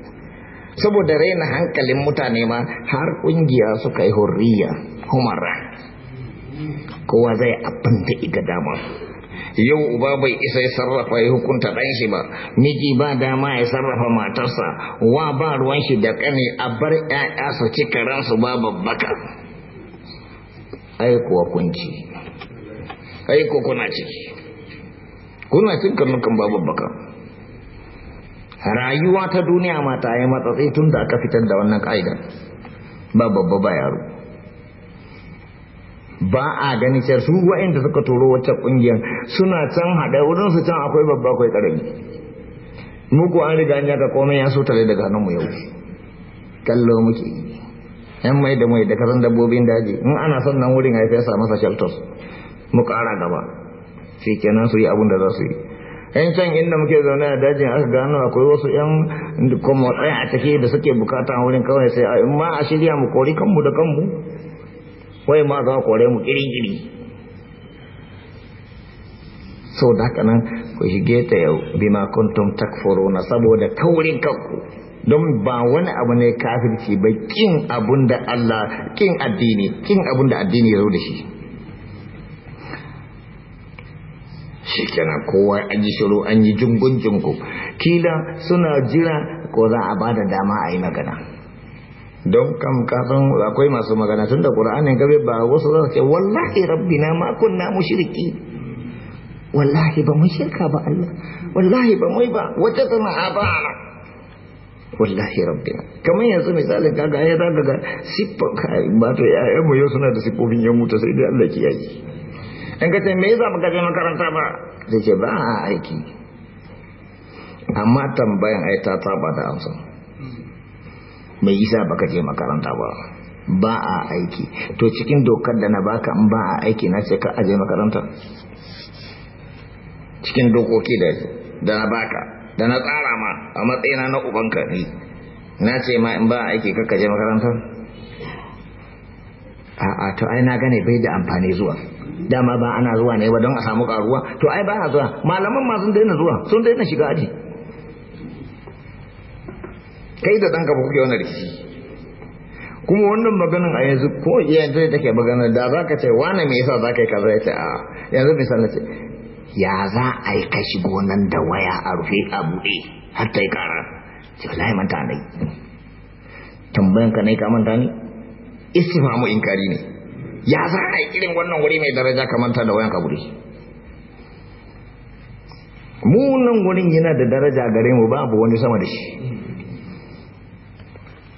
saboda raina hankalin mutane ma har kungiya suka yi hurriya humara kowa zai abin da iga dama yau uba bai isa ya sarrafa ya hukunta ɗan shi ba miji ba dama ya sarrafa matarsa wa ba ruwan shi da ƙani a bar ƴaƴa su ci karansu ba babbaka ai kuwa kunci ai kuna ciki kuna cin karnukan ba babbaka rayuwa ta duniya mata ta yi matsatsi tun da aka fitar da wannan ƙa'idar ba babba ba yaro ba a gani cewa su wa'inda suka turo wata ƙungiyar suna can haɗe wurin su can akwai babba akwai ƙarami muku an riga an yaka komai ya so tare daga mu yau kallo muke yan mai da mai da kasan dabbobin daji in ana son nan wurin haife sa masa shelters mu ƙara gaba shi kenan su yi abin da za su yi in can inda muke zaune a dajin aka gano akwai wasu yan kwamwatsai a ciki da suke bukata a wurin kawai sai a ma a shirya mu kori kanmu da kanmu wai ma za kore mu iri-iri So da haka nan ku shige ta yau bima kuntum takfuruna saboda taurin kanku don ba wani abu ne kafirci ba kin abun da Allah kin addini kin abun da addini ya zo da shi shi kenan kowa an ji shiru an yi jungun ku kila suna jira ko za a ba da dama a yi magana don kam kafin akwai masu magana tun da ƙura'anin gabe ba wasu za su ce wallahi rabbi na makon na mushriki wallahi ba mu shirka ba Allah wallahi ba mu ba wata a ba ana wallahi rabbi na kamar yanzu misalin kaga ya zaga ga siffar ba to ya'yan mu yau suna da siffofin yan mutu sai dai Allah ke yaki in ka ce me yasa baka je makaranta ba zai ce ba a aiki amma tambayan ai ta saba da amsa me yasa baka je makaranta ba ba a aiki to cikin dokar da na baka in ba a aiki na ce ka aje makaranta cikin dokoki da da na baka da na tsara ma a matsayina na ubanka ne na ce ma in ba a aiki ka je makaranta a'a to ai na gane bai da amfani zuwa dama ba ana zuwa ne ba don a samu karuwa to ai ba a zuwa malaman ma sun daina zuwa sun daina shiga aji kai da ɗanka ba kuke wani rikici kuma wannan maganin a yanzu ko iyayen da take maganar da za ka ce wane me yasa za ka yi kaza ya ce a yanzu misali ce ya za a yi kashi gonan da waya a rufe a buɗe har ta yi kara ce wallahi manta ne tambayan ka ne ka manta ne istifamu inkari ne ya za a irin wannan wuri mai daraja kamar ta da wayan kaburi mu nan wurin yana da daraja gare mu babu wani sama da shi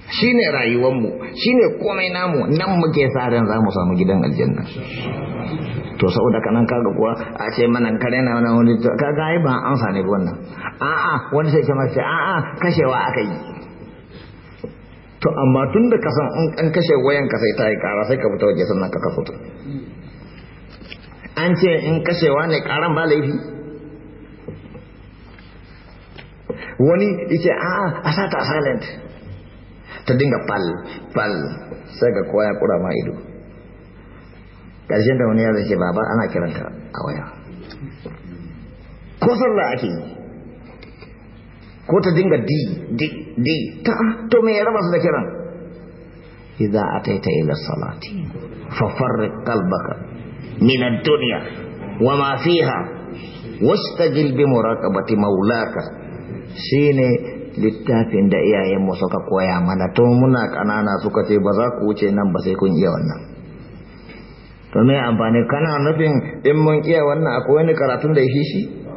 Shi ne rayuwanmu ne komai namu nan muke sa ran za mu samu gidan aljanna to saboda kanan kaga kuwa a ce mana kare na wani wani kaga ai ba an sani wannan a'a wani sai ce masa a'a kashewa aka yi to amma tun da ka san an kashe wayan ka sai ta yi kara sai ka fita waje sannan ka kafa an ce in kashewa ne karan ba laifi wani yace a a sa ta silent ta dinga pal pal sai ga kowa ya kura ma ido ƙarshen da wani yaro ce baba ana kiranta a waya ko sallah ake yi ko ta dinga di di di ta to me ya raba su da kiran idza ataita ila salati fa farriq qalbaka min ad-dunya wa ma fiha wastajil bi muraqabati maulaka shine littafin da iyayenmu suka koya mana to muna kanana suka ce ba za ku wuce nan ba sai kun iya wannan to me amfani kana nufin in mun iya wannan akwai wani karatun da ya shi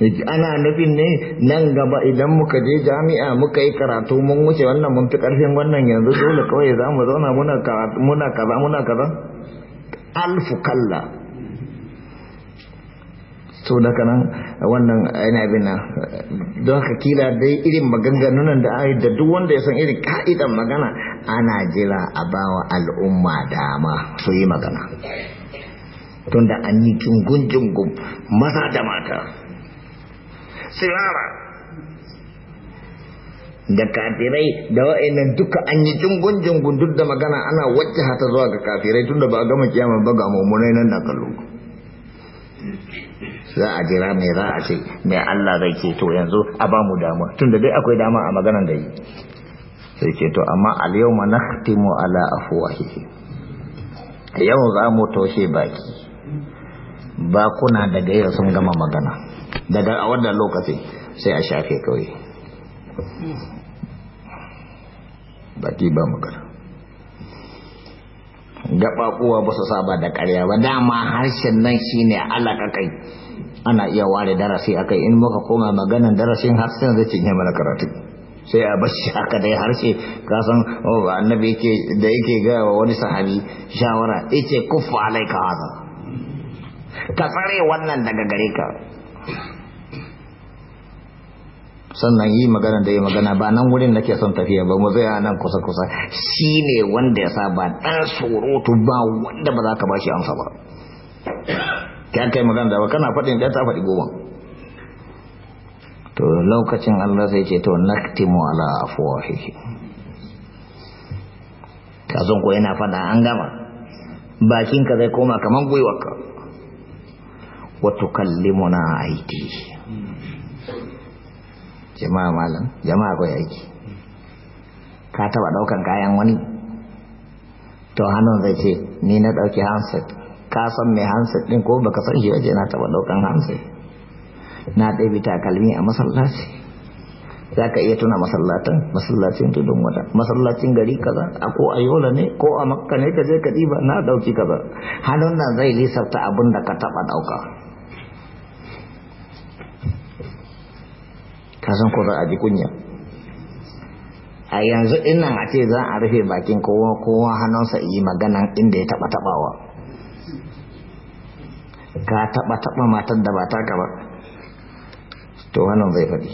ana nufin ne nan gaba idan muka je jami'a muka yi karatu mun wuce wannan mun fi karfin wannan yanzu dole kawai za mu zauna muna kaza muna kaza alfu kalla so da kanan wannan yana bina don haka kila dai irin maganganunan da ai da duk wanda ya san irin ka'idan magana ana jira a bawa al'umma dama su yi magana tunda an yi cungun jungun maza da mata sirara da kafirai da wa'annan duka an yi jungun jungun duk da magana ana wacce hata zuwa ga kafirai tunda ba a gama kiyama ba ga mummunai nan na kallo za a jira mai za a ce mai Allah zai ce to yanzu a ba mu dama tunda dai akwai dama a maganan da yi sai ce to amma ma na timo ala hihi yau za mu toshe baki bakuna daga yau sun gama magana daga a wannan lokacin sai a shafe kawai baki ba magana gaɓaɓuwa ba su saba da ƙarya ba dama harshen nan shine alaka kai ana iya ware darasi a kai in muka koma maganan darasin harshen zai cinye mana karatu sai a bashi haka dai harshe kasan oh, annabi da yake gaya wa wani sahabi shawara yace kuffa alaika haza ka tsare wannan daga gare ka sannan yi magana da yi magana ba nan wurin nake son tafiya ba mu zaya nan kusa kusa shi ne wanda ya saba ɗan surutu ba wanda ba za ka bashi amsa ba ka kai magana da ba kana faɗin ɗaya ta faɗi goma to lokacin Allah sai ce to naktimu ala afwahihi ka zon ko yana faɗa an gama bakinka zai koma kamar kaman gwiwarka wa tukallimuna aiki. jama'a malam jama'a akwai aiki ka taba daukan kayan wani to hannun zai ce ni na dauki handset ka san mai handset din ko baka san shi waje na taba daukan handset na ɗabi takalmi a masallaci za ka iya tuna masallatin masallacin tudun wata masallacin gari kaza a ko a yola ne ko a makka ne ka je ka ɗiba na ɗauki kaza hannun nan zai lissafta abin da ka taba ɗauka ka san ko za a ji kunya a yanzu dinnan a ce za a rufe bakin kowa kowa hannunsa yi magana inda ya taba tabawa ka taba taba matar da ba ta ba to wannan zai faɗi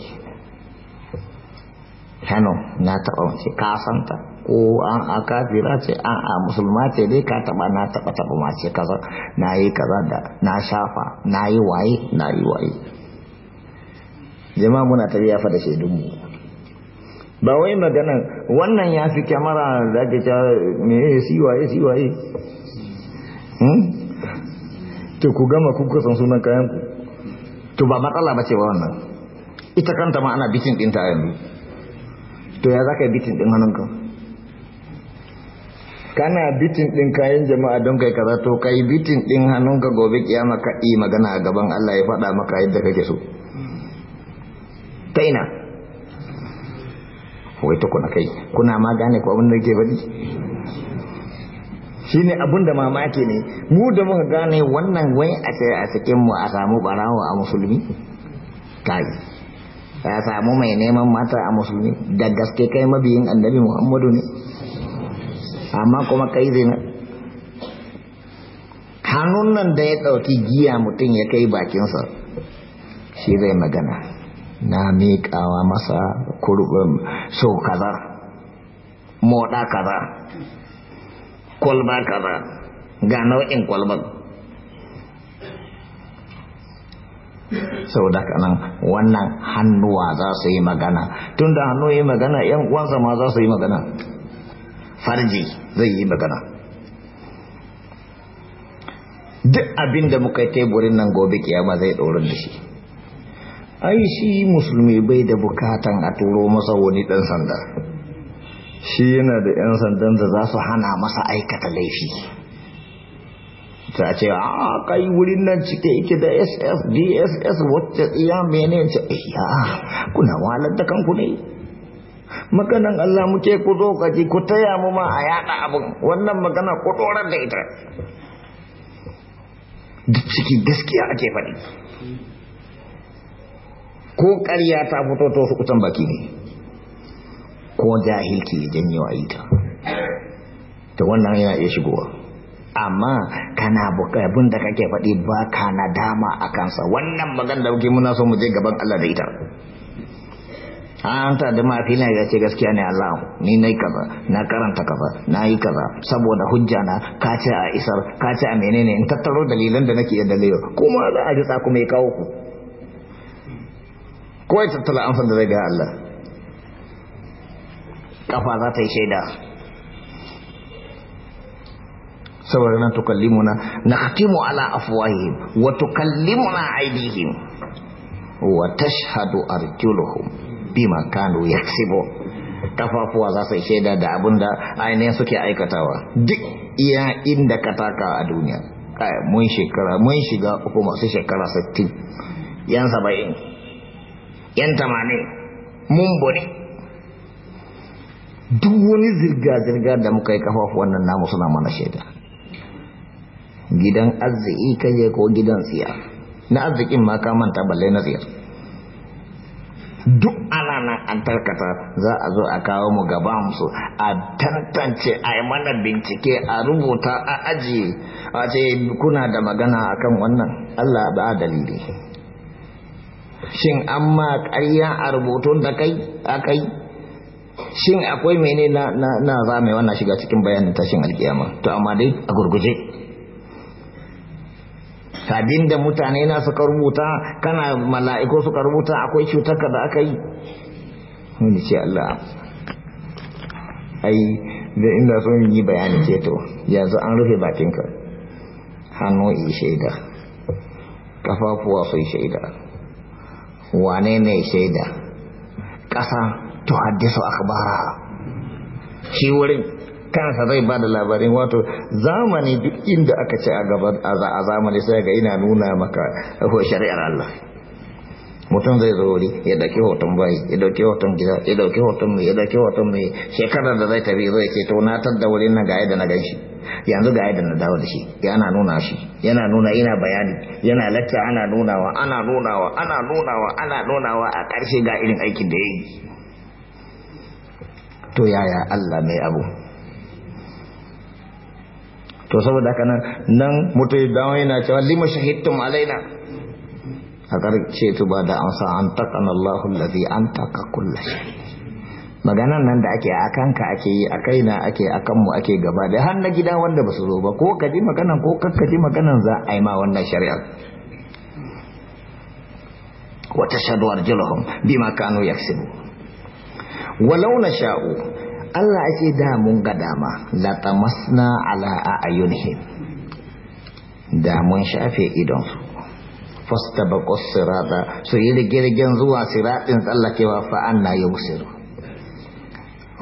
hannun na taba wace ka santa ko an a kafira ce an a musulma ce dai ka taba na taba taba mace kaza na yi kaza da na shafa na yi waye na yi waye jama'a muna ta yafa da mu ba wai maganan wannan ya fi kyamara da ake cewa me siwaye siwaye hmm? to ku gama kuka san sunan kayan ku to ba matsala ba ce ba wannan ita kanta ma ana bitin ɗinta a yanzu to ya za ka yi bitin ɗin hannunka kana bitin ɗin kayan jama'a don kai kaza to kai bitin ɗin hannunka gobe kiyama ka yi magana a gaban Allah ya faɗa maka yadda kake so ta ina wai ta kuna kai kuna ma gane ko abin da ke shi shine abin da mamaki ne mu da muka gane wannan wai a sai a cikin mu a samu barawa a musulmi kai a samu mai neman mata a musulmi da gaske kai mabiyin annabi muhammadu ne amma kuma kai zina hannun nan da ya ɗauki giya mutum ya kai bakinsa shi zai magana na miƙawa masa kurbin so kaza moɗa kaza kwalba kaza ga nau'in kwalban sau da kanan wannan hannuwa za su yi magana tun da hannu yi magana yan uwansa ma za su yi magana farji zai yi magana duk abin da muka yi teburin nan gobe kiyama zai ɗorin da shi ai shi musulmi bai da bukatan a turo masa wani dan sanda shi yana da 'yan sandan da za su hana masa aikata laifi ta ce a ah, kai wurin nan cike ike da ss dss wacce tsiya mene ce ya eh, kuna walar da kanku ne maganan allah muke ku zo kaji ku taya mu ma a yada abin wannan magana ku dorar da ita duk ciki gaskiya ake faɗi ko ƙarya ta fito to su kutan baki ne ko jahilci ya janyo a yi ta to wannan yana iya shigowa amma kana abin da kake faɗi ba ka na dama a kansa wannan magan da kuke muna so mu je gaban Allah da ita an ta da mafina ya ce gaskiya ne Allah ni na yi kaza na karanta kaza nayi yi kaza saboda hujja na ka ce a isar ka ce a menene in tattaro dalilan da nake da dalilin kuma za a ji kuma ya kawo ku kawai tattala amfan da zai ga Allah kafa za ta yi shaida saboda nan tukallimuna hatimu ala afwahihim wa tukallimuna aydihim wa tashhadu arjuluhum bima kanu yaksibu kafafuwa za su shaida da abin da ainihin suke aikatawa duk iya inda ka taka a duniya mun shekara mun shiga uku masu shekara 60 yan saba'in. yan tamanin mumbuni duk wani zirga-zirga da muka yi kafafu wannan namu suna mana shaida gidan arziki yi ko gidan tsiya na arzikin ma ka manta balle na tsiyar duk ana nan an tarkata za a zo a kawo mu gaba musu a tantance a yi mana bincike a rubuta a ajiye a ce kuna da magana akan wannan allah ba dalili shin an ma ƙarya a rubutun da kai a kai shin akwai mene na na mai wannan shiga cikin bayanin tashin alkiyama to amma dai a gurguje sabin da mutane na suka rubuta kana mala'iku suka rubuta akwai cutar da aka yi wani ce Allah ai da inda sun yi bayani ce to yanzu an rufe bakinka hannu yi shaida kafafuwa sun shaida wane ne shaida ƙasa to haddisa akbara shi wurin kansa zai ba da labarin wato zamani duk inda aka ce a zamani sai ga ina nuna maka shari'ar Allah mutum zai zo wuri ya dauki hoton bayi ya dauki hoton gida ya dauki hoton mai ya dauki hoton mai shekarar da zai tafi zai ce to na tadda wurin nan ga yadda na ganshi yanzu ga yadda na dawo da shi yana nuna shi yana nuna ina bayani yana lacca ana nunawa ana nunawa ana nunawa ana nunawa a ƙarshe ga irin aikin da ya yi to yaya Allah mai abu to saboda haka nan nan mutum dawo yana cewa lima shahidtum alaina a ƙarshe ba da an sa an taƙan Allahu allazi an taƙa kullu shay maganan nan da ake a kanka ake yi a kaina ake a kanmu ake gaba da har na gida wanda ba su zo ba ko ka ji maganan ko kakka ji maganan za a yi ma wannan shari'ar wata shaduwar jilahun bi ma kanu ya sibu walau na sha'u Allah ake damun ga dama la masna ala a ayyunhim damun mun shafe su fasta bakos sirata su yi rigirgin zuwa siratin tsallakewa fa'an na yi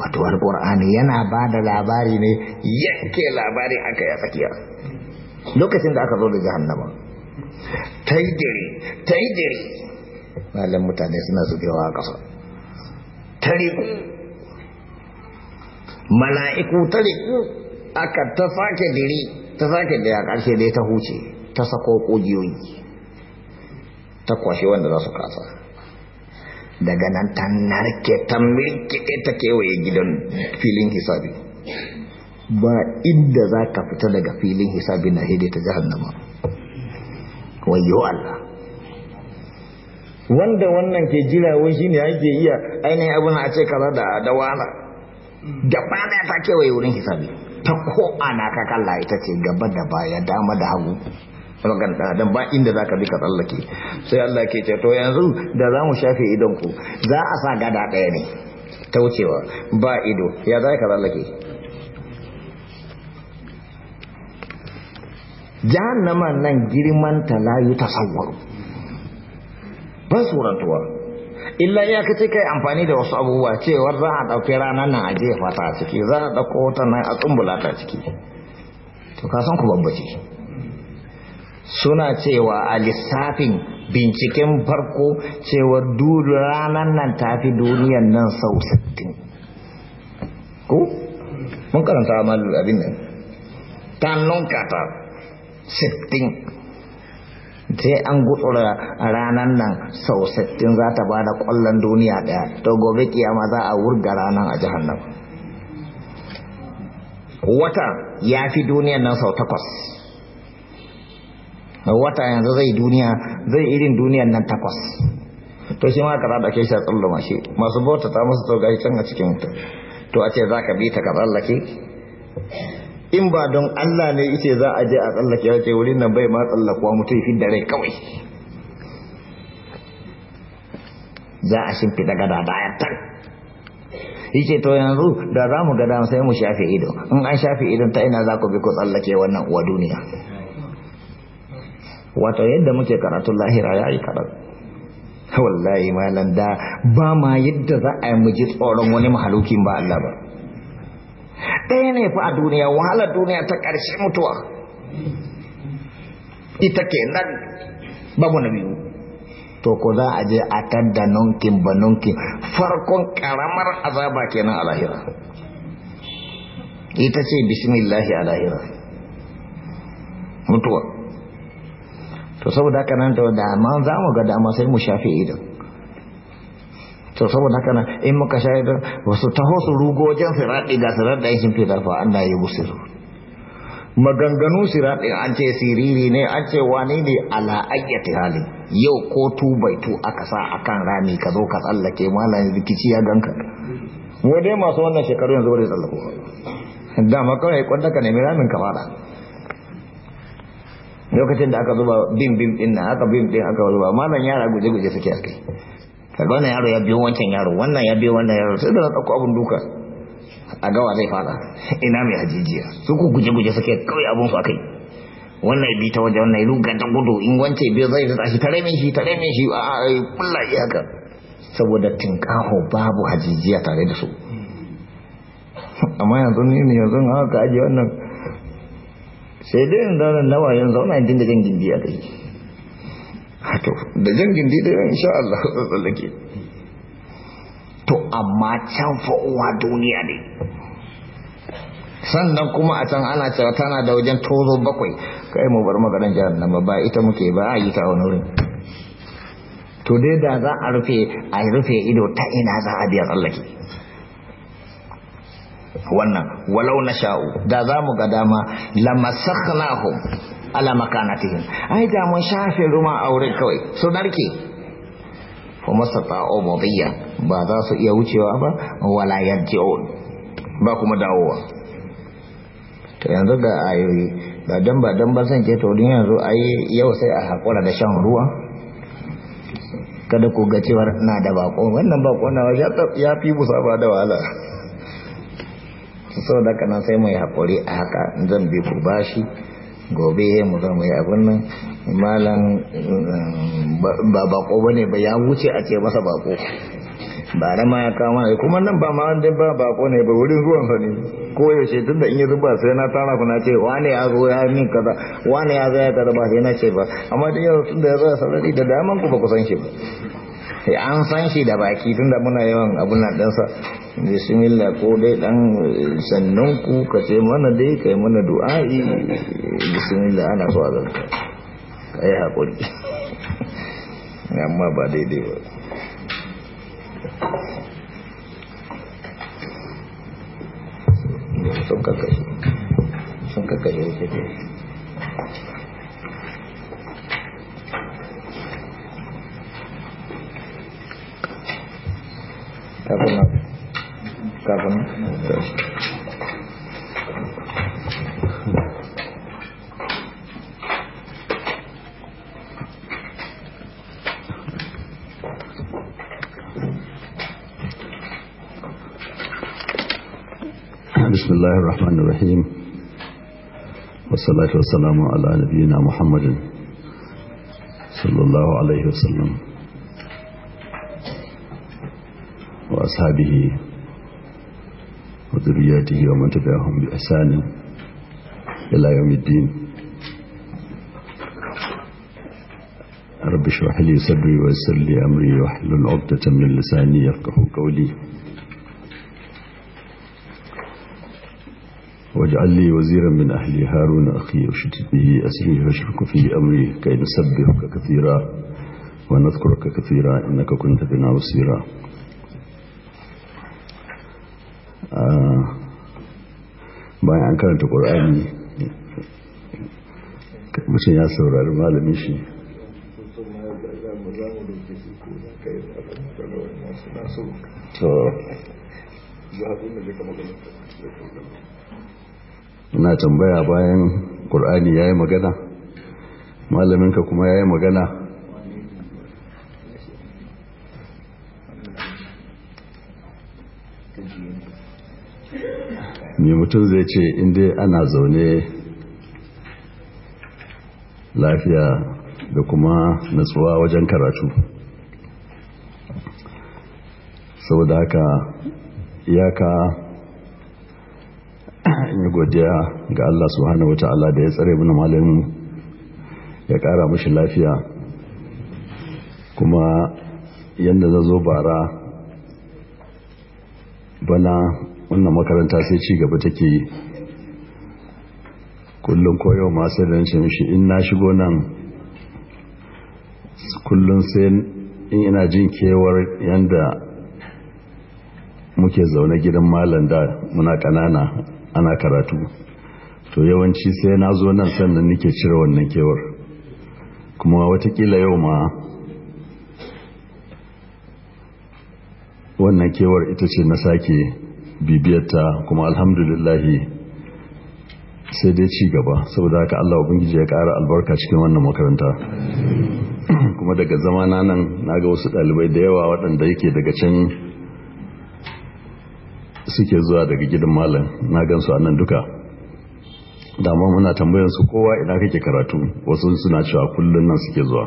wato alƙur'ani yana ba da labari ne yanke labari aka ya tsakiya lokacin da aka zo da jahannama ta yi diri, ta yi diri. malam mutane suna zubewa a ƙasa ta riku mala'iku ta riku aka ta sake diri ta sake da ya ƙarshe dai ta huce ta sako ƙugiyoyi ta kwashe wanda za su kasa daga nan ta narke ta mirkiɗe ta kewaye gidan filin hisabi ba inda za ka fita daga filin hisabi na hede ta jahannama wayo Allah wanda wannan ke jira shi ne ake iya ainihin abin a ce kaza da dawana gaba na ta kewaye wurin hisabi ta ko ana kakalla ita ce gaba da baya dama da hagu magan da dan ba inda zaka bi ka tsallake sai Allah ke ce to yanzu da za mu shafe idon ku za a sa gada ɗaya ne ta wucewa ba ido ya za ka tsallake jahannama nan girman ta la yutasawwaru ba suratuwa illa ya kace kai amfani da wasu abubuwa cewar za a ɗauki ranar nan a jefa ta ciki za a dauko ta nan a tsumbula ta ciki to ka san ku babbace suna cewa a lissafin binciken farko cewa cewar ranar nan tafi duniyan nan sau 60 ko mun karanta amalu abin nan ta nunkata 60 sai an gutsura ranar nan sau 60 za ta ba da kwallon duniya daya to gobe kiyama za a wurga ranar a jihannam wata ya fi duniyan nan sau takwas wata yanzu zai duniya zai irin duniyan nan takwas to shi ma kaza da ke shi a tsallo mashi masu bauta ta masu tsoga shi can a cikin wuta to a ce za ka bi ta ka tsallake in ba don Allah ne ice za a je a tsallake ya ce wurin nan bai ma tsallakuwa mutum fi da rai kawai za a shimfi daga da daya yace to yanzu da za mu ga dama sai mu shafe ido in an shafe idon ta ina za ku bi ku tsallake wannan uwa duniya wato yadda muke karatun lahira ya yi kaɗan wallahi malam da ba ma yadda za a yi muji tsoron wani mahalukin ba Allah ba ɗaya ne fa a duniya wahalar duniya ta ƙarshe mutuwa ita ke nan babu na biyu to ko za a je a tadda nonkin ba nonkin farkon karamar azaba kenan a lahira ita ce bismillahi a lahira mutuwa to saboda haka nan da dama za mu ga dama sai mu shafe idan to saboda haka nan in muka shafe idan wasu taho su rugo wajen siraɗi ga siraɗi an shimfe da fa Allah ya busiru maganganu siraɗi an ce siriri ne an ce wani ne ala ayyati hali yau ko tu bai tu aka sa akan rami ka zo ka tsallake malam rikici ya ganka mu dai masu wannan shekaru yanzu bare tsallako dama kawai kwanta ka nemi ramin ka fara lokacin da aka zuba bin bin din nan aka bin din aka zuba malam yara guje guje suke a kaga wannan yaro ya biyo wancan yaro wannan ya biyo wannan yaro sai da tsako abun duka a gawa zai fada ina mai hajijiya su ku guje guje suke kawai abun su akai wannan bi ta waje wannan ruga ta gudu in wance biyo zai da tashi tare min shi tare min shi a kulla iyaka saboda tinkaho babu hajijiya tare da su amma yanzu ne yanzu haka aje wannan sai dai in zanen nawa yin zauna yin dinga jan a kai hato ah, da jangindi gindi da yin sha Allah tsallake to amma can fa'uwa duniya ne sannan kuma a can ana cewa tana da wajen tozo bakwai kai mu bar maganar jihar nan ba ita muke ba a yi ta wani wurin to dai da za a rufe a rufe ido ta ina za a biya tsallake wannan walau na sha'u da za mu ga dama lamasakhnahum ala makanatihim ai da mun shafe ruma aure kawai so narke fa masata umudiyya ba za su iya wucewa ba wala yarji'un ba kuma dawowa to yanzu ga ayoyi ba dan ba dan ba zan je to din yanzu ai yau sai a hakura da shan ruwa kada ku ga cewar na da bako wannan bako na ya fi musaba da wahala so da kana sai mai haƙuri a haka zan bi ku bashi gobe mu zama yi abin nan malam um, ba bako ba ne ya wuce a ce masa bako ba da ma ya kama kuma nan ba ma wanda ba bako ne ba wurin zuwan sa ne ko yaushe tun da in yi zuba sai na tara na ce wane ya zo ya min kaza wane ya zo ya kaza sai na ce ba amma da yau tun da ya zo ya da daman ku ba ku san shi ba an san shi da baki tun da muna yawan abin da ɗansa bismillah ko dai ɗan sannan ku ka ce mana dai kai mana du'a'i bismillah ana so a kai ka yi haƙuri amma ba daidai ba sun kakashe sun kakashe wuce بسم الله الرحمن الرحيم والصلاة والسلام على نبينا محمد صلى الله عليه وسلم وأصحابه وذرياته ومن تبعهم بإحسان إلى يوم الدين رب اشرح لي صدري ويسر لي أمري واحلل عقدة من لساني يفقه قولي واجعل لي وزيرا من أهلي هارون أخي أشد به أسري وأشرك في أمري كي نسبحك كثيرا ونذكرك كثيرا إنك كنت بنا بصيرا bayan an karanta ƙorani mutum ya saurari malamin shi ina tambaya bayan ƙorani ya yi magana malaminka kuma ya yi magana ne mutum zai ce inda ana zaune lafiya da kuma natsuwa wajen karatu saboda haka iyaka yi godiya ga Allah suhana wata Allah da ya tsare mana malamin ya kara mashi lafiya kuma yadda na bara bana wannan makaranta sai ci gaba take yi kullum koyo masu rance shi in na shigo nan kullum sai in ina jin kewar yadda muke zaune gidan malam da muna kanana ana karatu to yawanci sai na zo nan sannan nake cire wannan kewar kuma watakila yau ma wannan kewar ita ce na sake bibiyarta kuma alhamdulillahi sai dai ci gaba saboda haka Allah ubangiji ya kara albarka cikin wannan makaranta kuma daga zamana nan na ga wasu ɗalibai da yawa waɗanda yake daga can suke zuwa daga gidan malam na gansu a nan duka dama muna tambayar su kowa ina kake karatu wasu suna cewa kullum nan suke zuwa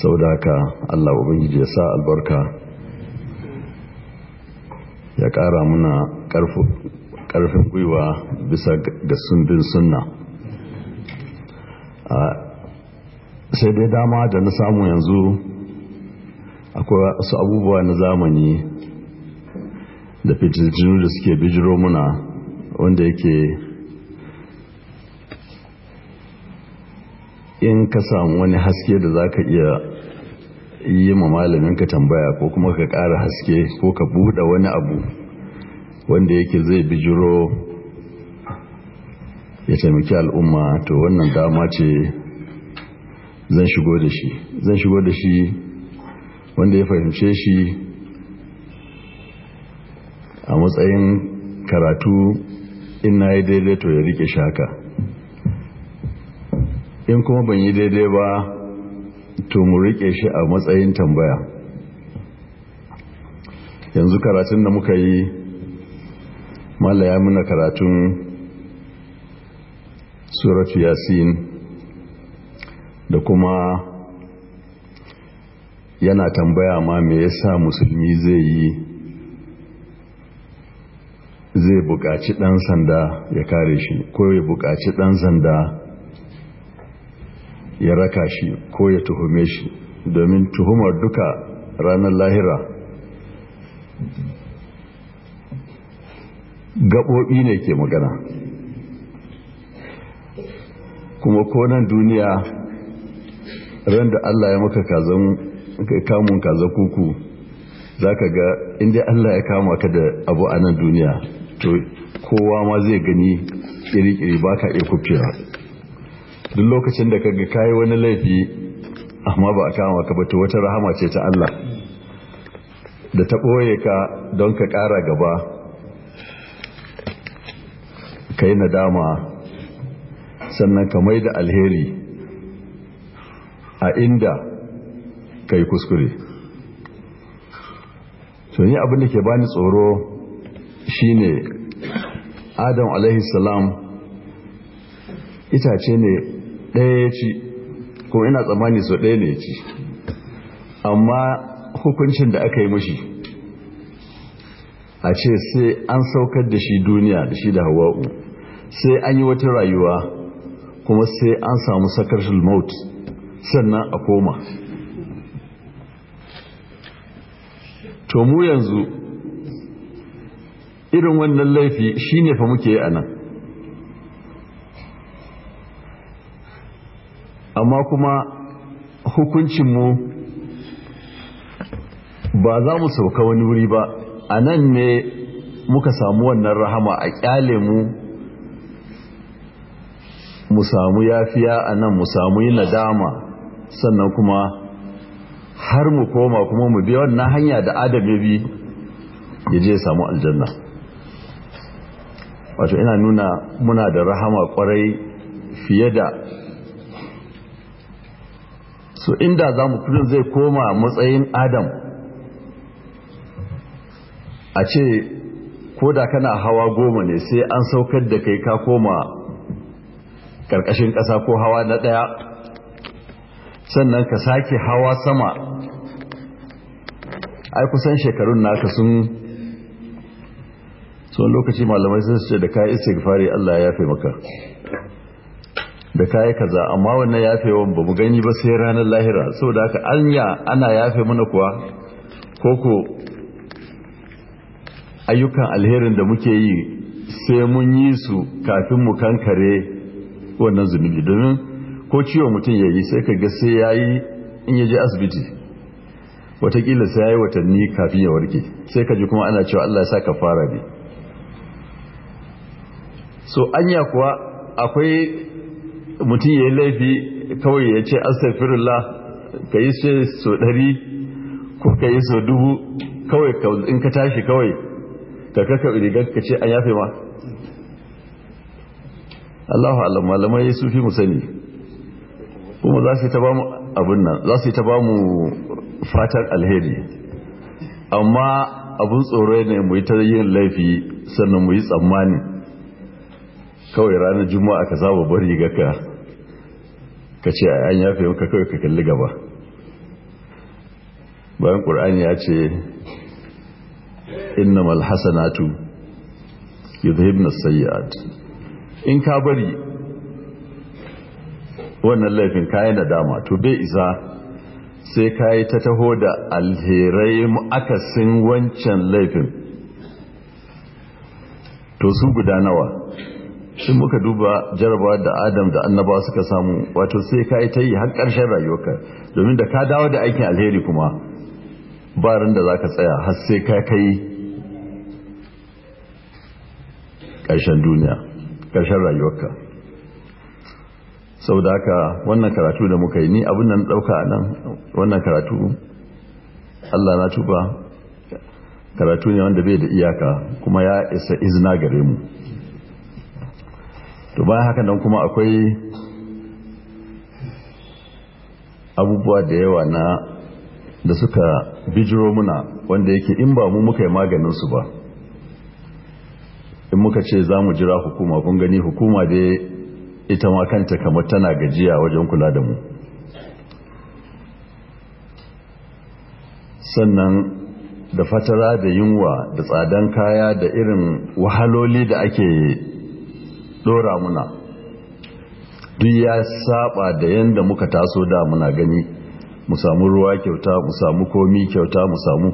saboda haka Allah ubangiji ya sa albarka ya ƙara muna ƙarfin gwiwa bisa ga sundin sunna sai dai dama da na samu yanzu akwai wasu abubuwa na zamani da fitintunu da suke bijiro muna wanda yake in ka samu wani haske da za ka iya yi ma malamin ka tambaya ko kuma ka ƙara haske ko ka buɗe wani abu wanda yake zai bijiro ya taimaki al'umma to wannan dama ce zan shigo da shi zan shigo da shi wanda ya fahimce shi a matsayin karatu in na yi daidai to ya rike shaka in kuma ban yi daidai ba to mu rike shi a matsayin tambaya yanzu karatun da muka yi mala ya muna karatun suratu yasin da kuma yana tambaya ma me yasa musulmi zai yi zai buƙaci ɗan sanda ya kare shi ko ya buƙaci ɗan sanda ya raka shi ko ya tuhume shi domin tuhumar duka ranar lahira gaɓoɓi ne ke magana kuma konan duniya ran da Allah ya maka kamun kaza kuku za ka ga inda Allah ya kama ka da abu a nan duniya to kowa ma zai gani iri-iri ba ka iya kufewa duk lokacin da kaga kayi wani laifi amma ba a kama ka ba to wata rahama ce ta Allah da ta ɓoye ka don ka ƙara gaba ka yi nadama sannan ka mai da alheri a inda ka yi kuskure tuni abin da ke bani tsoro shine adam alaihissalam itace ne ɗaya ya ci ko ina tsammani sau ɗaya ne ya ci amma hukuncin da aka yi mashi a ce sai an saukar da shi duniya da shi da hawa'u sai an yi wata rayuwa kuma sai an samu sakar maut sannan a koma to mu yanzu irin wannan laifi shi ne fa muke yi a nan amma kuma hukuncinmu ba za mu sauka wani wuri ba a nan ne muka samu wannan rahama a kyale mu mu samu yafiya a nan mu samu yi nadama sannan kuma har mu koma kuma mu biya wannan hanya da adam ya bi ya je samu aljanna wato ina nuna muna da rahama kwarai fiye da so inda za mu kudin zai koma matsayin adam a ce ko da kana hawa goma ne sai an saukar da kai ka koma ƙarƙashin ƙasa ko hawa na ɗaya sannan ka sake hawa sama ai kusan shekarun naka sun sun lokaci malamai sun ce da ka istighfari Allah ya fi maka da yi kaza amma wannan yafewan ba mu gani ba sai ranar lahira saboda haka anya ana yafe mana kuwa koko ayyukan alherin da muke yi sai mun yi su kafin mu kankare wannan zunubi domin ko ciwo mutum ya yi sai ka ga sai ya in yaje je asibiti watakila sai ya yi watanni kafin ya warke sai ka ji kuma ana cewa allah ya sa ka fara ne so anya kuwa akwai mutum ya yi laifi kawai ya ce astaghfirullah ka yi so ɗari ko ka yi so dubu kawai in ka tashi kawai ka kaka rigar ka ce an yafe ma Allahu alam malamai su fi mu sani kuma za su yi ta ba mu abin nan za su yi ta ba mu fatan alheri amma abin tsoro ne mu yi ta yin laifi sannan mu yi tsammani kawai ranar juma'a ka zaba bari ga ka ka ce an yafe maka kawai ka kalli gaba bayan ƙur'ani ya ce innamal ya yudhibna sayyad in ka bari wannan laifin kayi nadama to bai isa sai kayi ta taho da alherai akasin wancan laifin to su guda nawa shi muka duba jarabawa da adam da annabawa suka samu wato sai ka yi ta yi har ƙarshen rayuwarka domin da ka dawo da aikin alheri kuma ba ran da za ka tsaya har sai ka kai ƙarshen duniya ƙarshen rayuwarka sau da haka wannan karatu da muka yi ni abin nan ɗauka nan wannan karatu allah na tuba karatu ne wanda bai da iyaka kuma ya isa izina gare mu to bayan haka nan kuma akwai abubuwa da yawa na da suka bijiro muna wanda yake in ba mu muka yi maganinsu ba in muka ce za mu jira hukuma kun gani hukuma da ita ma kanta kamar tana gajiya wajen kula da mu sannan da fatara da yunwa da tsadan kaya da irin wahaloli da ake dora muna duk ya saba da yanda muka taso da muna gani mu samu ruwa kyauta mu samu komi kyauta mu samu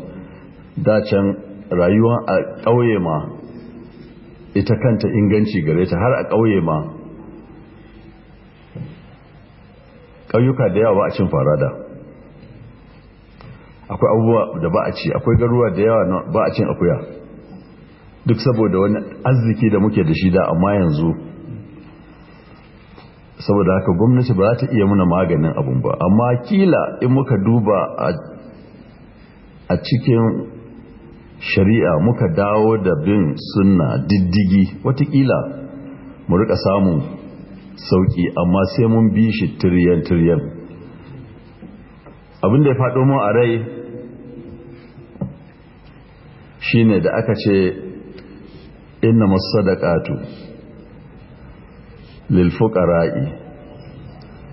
dacen rayuwa a ƙauye ma ita kanta inganci gare ta har a ƙauye ma ƙauyuka da yawa ba a cin farada akwai abubuwa da ba a ci akwai garuwa da yawa ba a cin akuya duk saboda wani arziki da muke da shi da amma yanzu saboda haka gwamnati ba za ta iya muna maganin abun ba amma kila in muka duba a cikin shari'a muka dawo da bin suna diddigi watakila mu rika samun sauki amma sai mun bi shi turiyan turiyan abin da ya faɗo mu a rai shine da aka ce إنما الصدقات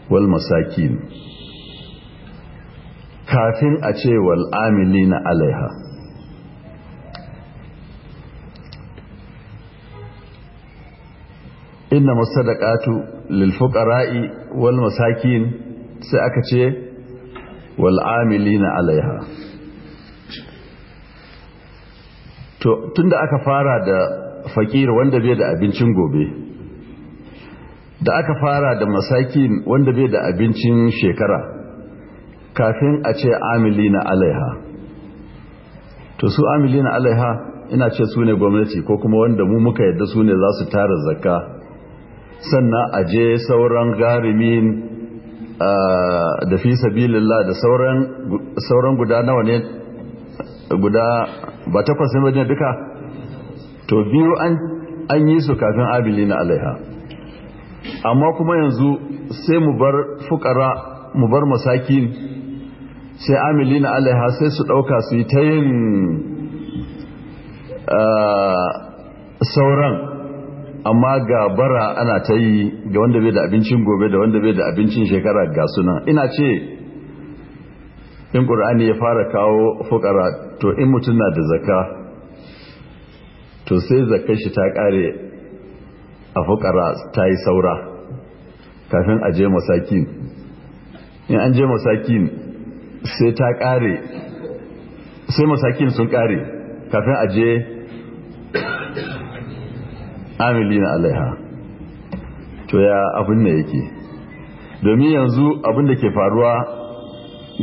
wal masakin kafin a ce wal'amili na alaiha inna masadaqatu lil fuqara'i wal masakin sai aka ce wal amilina alaiha to tunda aka fara da fakir wanda bai da abincin gobe da aka fara da masakin wanda bai da abincin shekara kafin a ce amili na alaiha to su amili na alaiha ina ce su ne gwamnati ko kuma wanda mu muka yadda su ne za su tara zakka sannan a je sauran garimin da fi sabilillah da sauran guda nawa ne guda ba takwas ne duka to biyu an yi su kafin abili na alaiha amma kuma yanzu sai mu bar fukara mu bar masakin sai amili na alaiha sai su ɗauka su yi ta yin sauran amma ga bara ana ta yi ga wanda bai da abincin gobe da wanda bai da abincin shekara ga suna ina ce in ƙur'ani ya fara kawo fukara to in mutum na da zaka to sai zakar shi ta kare a fukara ta yi saura kafin a je masakin in an je masakin sai ta kare sai masakin sun kare kafin a je na alaiha to ya abin da yake domin yanzu abin da ke faruwa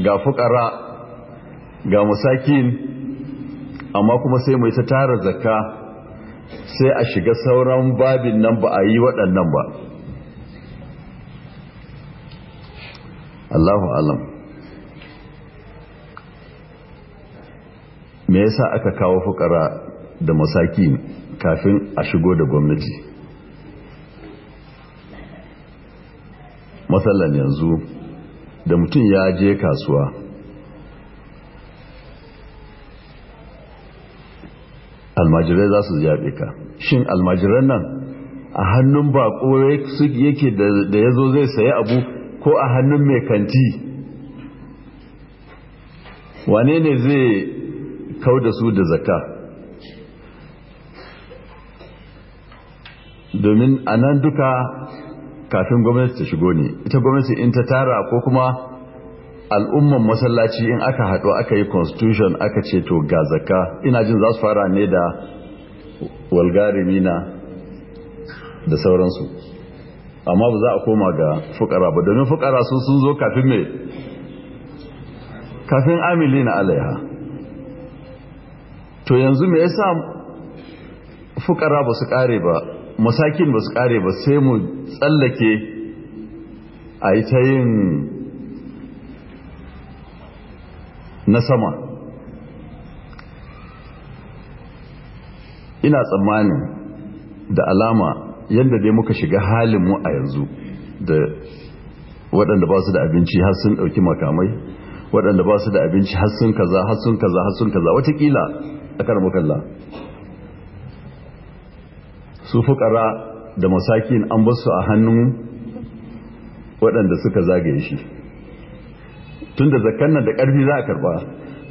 ga fukara ga masakin amma kuma sai mai ta tara zakka sai a shiga sauran babin nan ba a yi waɗannan ba Allahu alam me yasa aka kawo fukara da masaki kafin a shigo da gwamnati matsalan yanzu da mutum ya je kasuwa almajirai za su zaɓe ka shin almajiran nan a hannun baƙo yake da ya zo zai sayi abu ko a hannun mai kanti wane ne zai kau da su da zaka domin a nan duka kafin gwamnati ta shigo ne ita gwamnati in ta tara ko kuma al'umman masallaci in aka haɗu aka yi constitution aka ce to ga zakka ina jin za su fara ne da walgarimina da sauransu amma ba za a koma ga fukara ba domin fukara sun sun zo kafin mai kafin amili na alaiha to yanzu me yasa fukara ba su kare ba masakin ba su kare ba sai mu tsallake a yi ta yin na sama ina tsammanin da alama yadda dai muka shiga halinmu a yanzu da waɗanda ba su da abinci har sun ɗauki makamai waɗanda ba su da abinci har sun kaza har sun kaza har sun kaza watakila a karmakalla su fukara da masakin an basu a hannun waɗanda suka zagaye shi tunda zakkan nan da ƙarfi za a karba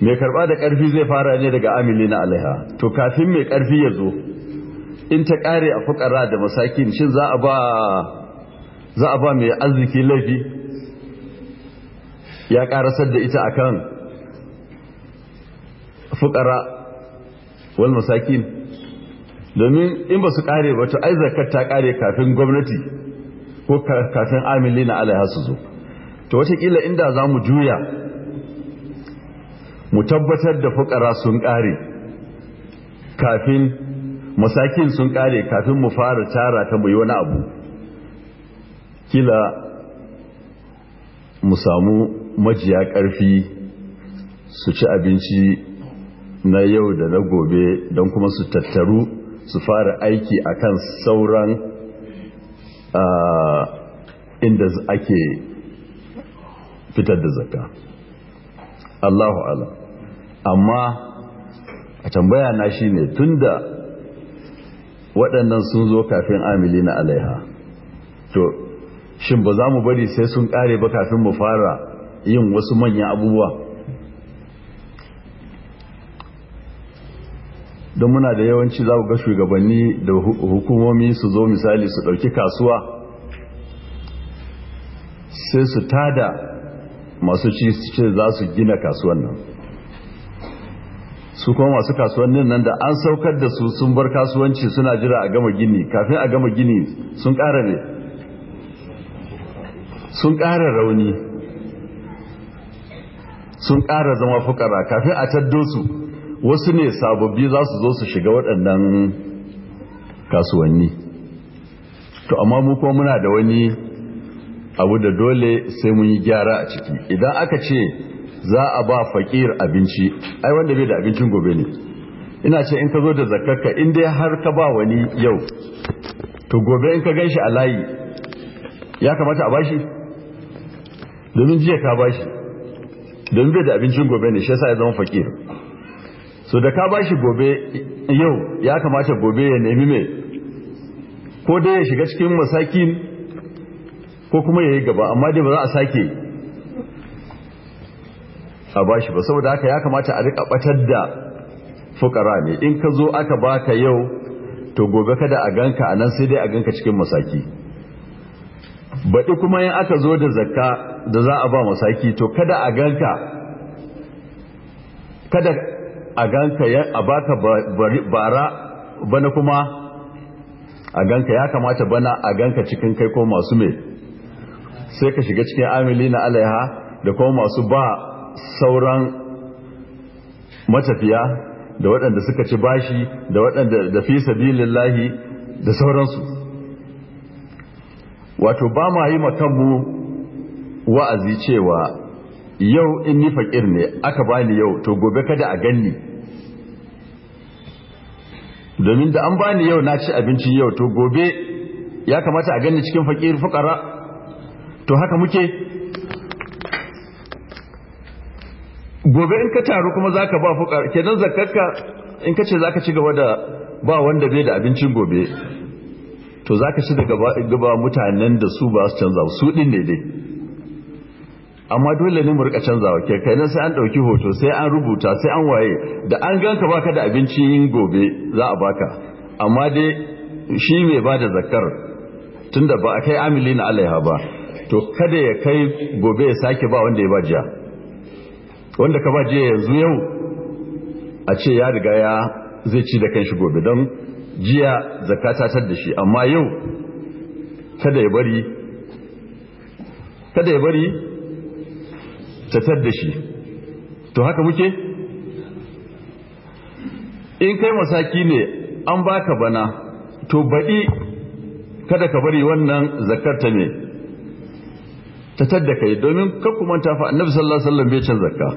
mai karba da ƙarfi zai fara ne daga amili na alaiha to kafin mai ƙarfi ya zo in ta kare a fukara da masakin shin za a ba za a ba mai arziki laifi ya ƙarasar da ita akan fukara wal masakin domin in ba su kare ba to ai zakat ta kare kafin gwamnati ko kafin amili na alaiha su zo to watakila inda za mu juya mu tabbatar da fukara sun kare kafin masakin sun kare kafin mu fara tara ta mu yi wani abu kila mu samu majiya karfi su ci abinci na yau da na gobe don kuma su tattaru su fara aiki akan sauran ah, inda ake fitar da zaka Allahu ala amma a tambaya na shi ne tunda waɗannan sun zo kafin amili na alaiha to shin ba za mu bari sai sun ƙare ba kafin mu fara yin wasu manyan abubuwa don muna da yawanci za ga shugabanni da hukumomi su zo misali su ɗauki kasuwa sai su tada masu ci ce za su gina kasuwan nan su kuma masu kasuwannin nan da an saukar da su sun bar kasuwanci suna jira a gama gini kafin a gama gini sun ƙara ne sun ƙara rauni sun ƙara zama fukara kafin a taddo su wasu ne sababbi za su zo su shiga waɗannan kasuwanni to amma mu kuma muna da wani abu da dole sai mun yi gyara a ciki idan aka ce za a ba fakir abinci ai wanda bai da abincin gobe ne ina ce in ka zo da zakarka in dai har ka ba wani yau to gobe in ka gan shi a layi ya kamata a bashi domin jiya ka bashi domin bai da abincin gobe ne shi yasa ya zama fakir so da ka bashi gobe yau ya kamata gobe ya nemi mai ko dai ya shiga cikin masakin ko kuma ya yi gaba amma dai ba za a sake a bashi ba saboda haka ya kamata a rika batar da fukara ne in ka zo aka baka yau to gobe kada a ganka a nan sai dai a ganka cikin masaki baɗi kuma in aka zo da zakka da za a ba masaki to kada a ganka kada a ganka a baka bara bana kuma a ganka ya kamata bana a ganka cikin kai ko masu mai sai ka shiga cikin amili na alaiha da kuma masu ba sauran matafiya da waɗanda suka ci bashi da waɗanda da fi da sauransu wato ba ma yi matanmu wa'azi cewa yau in ni faƙir ne aka bani yau to gobe kada a ganni domin da an bani yau na ci abinci yau to gobe ya kamata a ganni cikin faƙir fukara. to haka muke gobe in ka taru kuma za ka ba fukar kenan zakarka in ka ce za ka ci gaba da ba wanda bai da abincin gobe to za ka ci da gaba mutanen da su ba su canza su ɗin ne dai amma dole ne mu rika canzawa ke kai nan sai an ɗauki hoto sai an rubuta sai an waye da an ganka baka da abincin gobe za a baka amma dai shi mai ba da zakar tunda ba a kai amili na ya ba to kada ya kai gobe ya sake ba wanda ya ba jiya wanda ka ba jiya yanzu yau a ce ya riga ya zai ci da kanshi gobe don jiya zaka tatar da shi amma yau kada ya bari kada ya bari tatar da shi to haka muke in kai masaki ne an baka bana to baɗi kada ka bari wannan zakarta ne ta tadda kai domin kakku manta fa annabi sallallahu alaihi wasallam bai cin zakka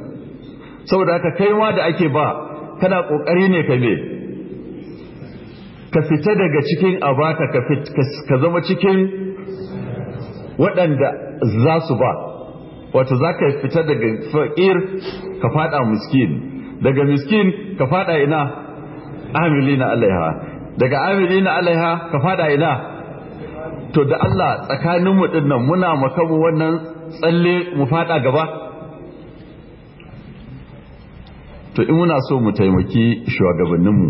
saboda haka kai ma da ake ba kana kokari ne ka me ka fita daga cikin abaka ka ka zama cikin waɗanda za su ba wato za ka fita daga Fakir ka fada miskin daga miskin ka fada ina amilina alaiha daga amilina alaiha ka fada ina to da Allah tsakaninmu mu nan muna makabu wannan tsalle mu faɗa gaba to in muna so mu taimaki shugabanninmu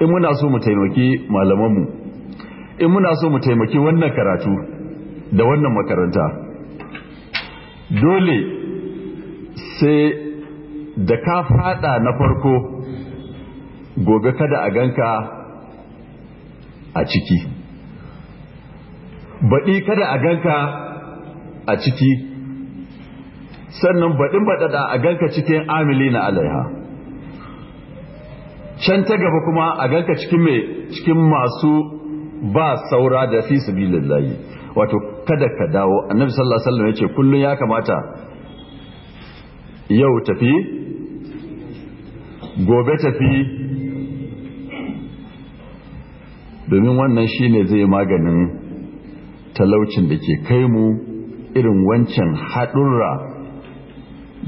in muna so mu taimaki malamanmu in muna so mu taimaki wannan karatu da wannan makaranta dole sai da ka fada na farko gobe kada a ganka a ciki baɗi kada a ganka a ciki sannan baɗin baɗaɗa a ganka cikin amili na alaiha can ta gaba kuma a ganka cikin mai cikin masu ba saura da fi sabilillahi wato kada ka dawo annabi sallallahu alaihi wasallam ya ce kullum ya kamata yau tafi gobe tafi domin wannan shine zai maganin talaucin da ke kai mu irin wancan haɗurra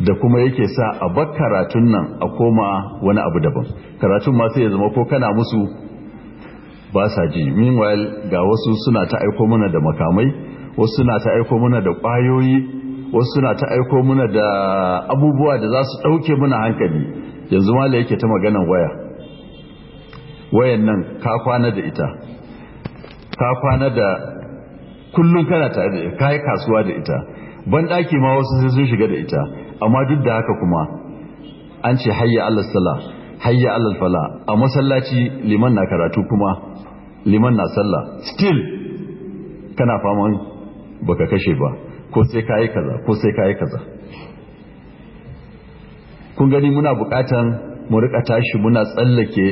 da kuma yake sa a bar karatun nan a koma wani abu daban karatun masu ya zama ko kana musu ba sa ji meanwhile ga wasu suna ta aiko mana da makamai wasu suna ta aiko mana da ƙwayoyi wasu suna ta aiko mana da abubuwa da za su ɗauke mana hankali yanzu ma yake ta maganar waya wayan nan ka kwana da ita ka kwana da kullum kana tare da ita kai kasuwa da ita ban daki ma wasu sai sun shiga da ita amma duk da haka kuma an ce hayya Allah sala hayya Allah fala a masallaci liman na karatu kuma liman na sallah still kana faman baka kashe ba ko sai kai kaza ko sai kai kaza kun gani muna bukatan mu rika tashi muna tsallake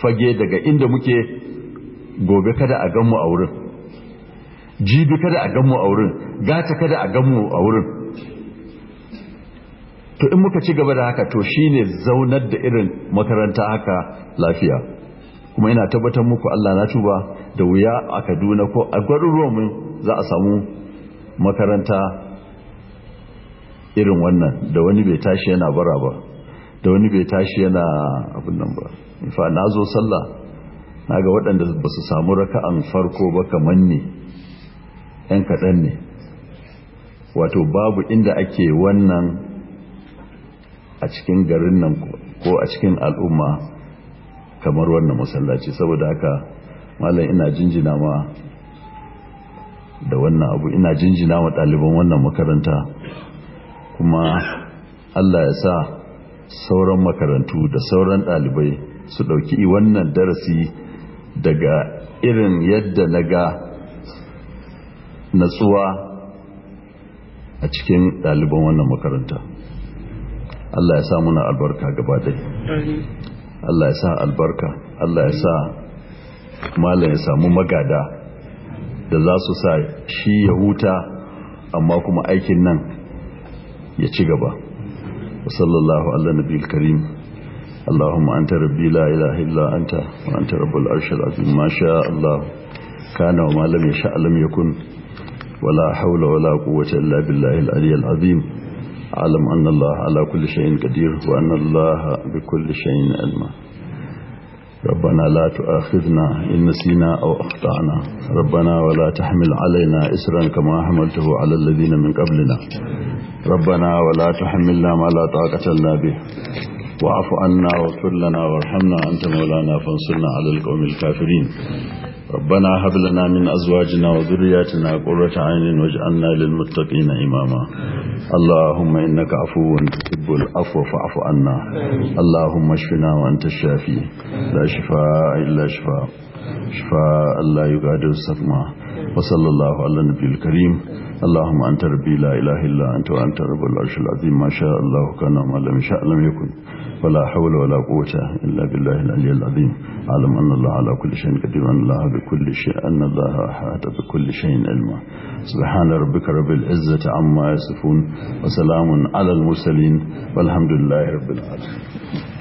fage daga inda muke gobe kada a ganmu a wurin jibi kada a ganmu a wurin gata kada a gamu a wurin to in muka ci gaba da haka to shine zaunar da irin makaranta haka lafiya kuma ina tabbatar muku Allah na tuba da wuya a Kaduna ko a garuruwanmu za a samu makaranta irin wannan da wani bai tashi yana bara ba da wani bai tashi yana abin nan ba in fa na zo sallah naga ga waɗanda ba su samu raka'an farko ba kamar ni 'yan kaɗan ne wato babu inda ake wannan a cikin garin nan ko a cikin al'umma kamar wannan masallaci saboda haka malam ina jinjina ma da wannan abu ina jinjina wa ɗaliban wannan makaranta kuma Allah ya sa sauran makarantu da sauran ɗalibai su ɗauki wannan darasi daga irin yadda na ga natsuwa a cikin ɗaliban wannan makaranta Allah ya sa muna albarka gaba ɗaya. Allah ya sa albarka Allah ya sa malam ya samu magada da za su sa shi ya huta amma kuma aikin nan ya ci gaba wasallallahu ala nabi karim اللهم أنت ربي لا إله إلا أنت وأنت رب العرش العظيم ما شاء الله كان وما لم يشاء لم يكن ولا حول ولا قوة إلا بالله العلي العظيم أعلم أن الله على كل شيء قدير وأن الله بكل شيء علما ربنا لا تؤاخذنا إن نسينا أو أخطأنا ربنا ولا تحمل علينا إسرا كما حملته على الذين من قبلنا ربنا ولا تحملنا ما لا طاقة لنا به واعف عنا واغفر لنا وارحمنا أنت مولانا فانصرنا على القوم الكافرين ربنا هب لنا من أزواجنا وذرياتنا قرة عين واجعلنا للمتقين إماما اللهم إنك عفو تحب العفو فاعف عنا اللهم اشفنا وأنت الشافي لا شفاء إلا شفاء شفاء لا يغادر سقما وصلى الله على النبي الكريم اللهم أنت ربي لا إله إلا أنت وأنت رب العرش العظيم ما شاء الله كان وما لم يشاء لم يكن ولا حول ولا قوة إلا بالله العلي العظيم أعلم أن الله على كل شيء قدير أن الله بكل شيء أن الله أحاط بكل شيء علما سبحان ربك رب العزة عما يصفون وسلام على المرسلين والحمد لله رب العالمين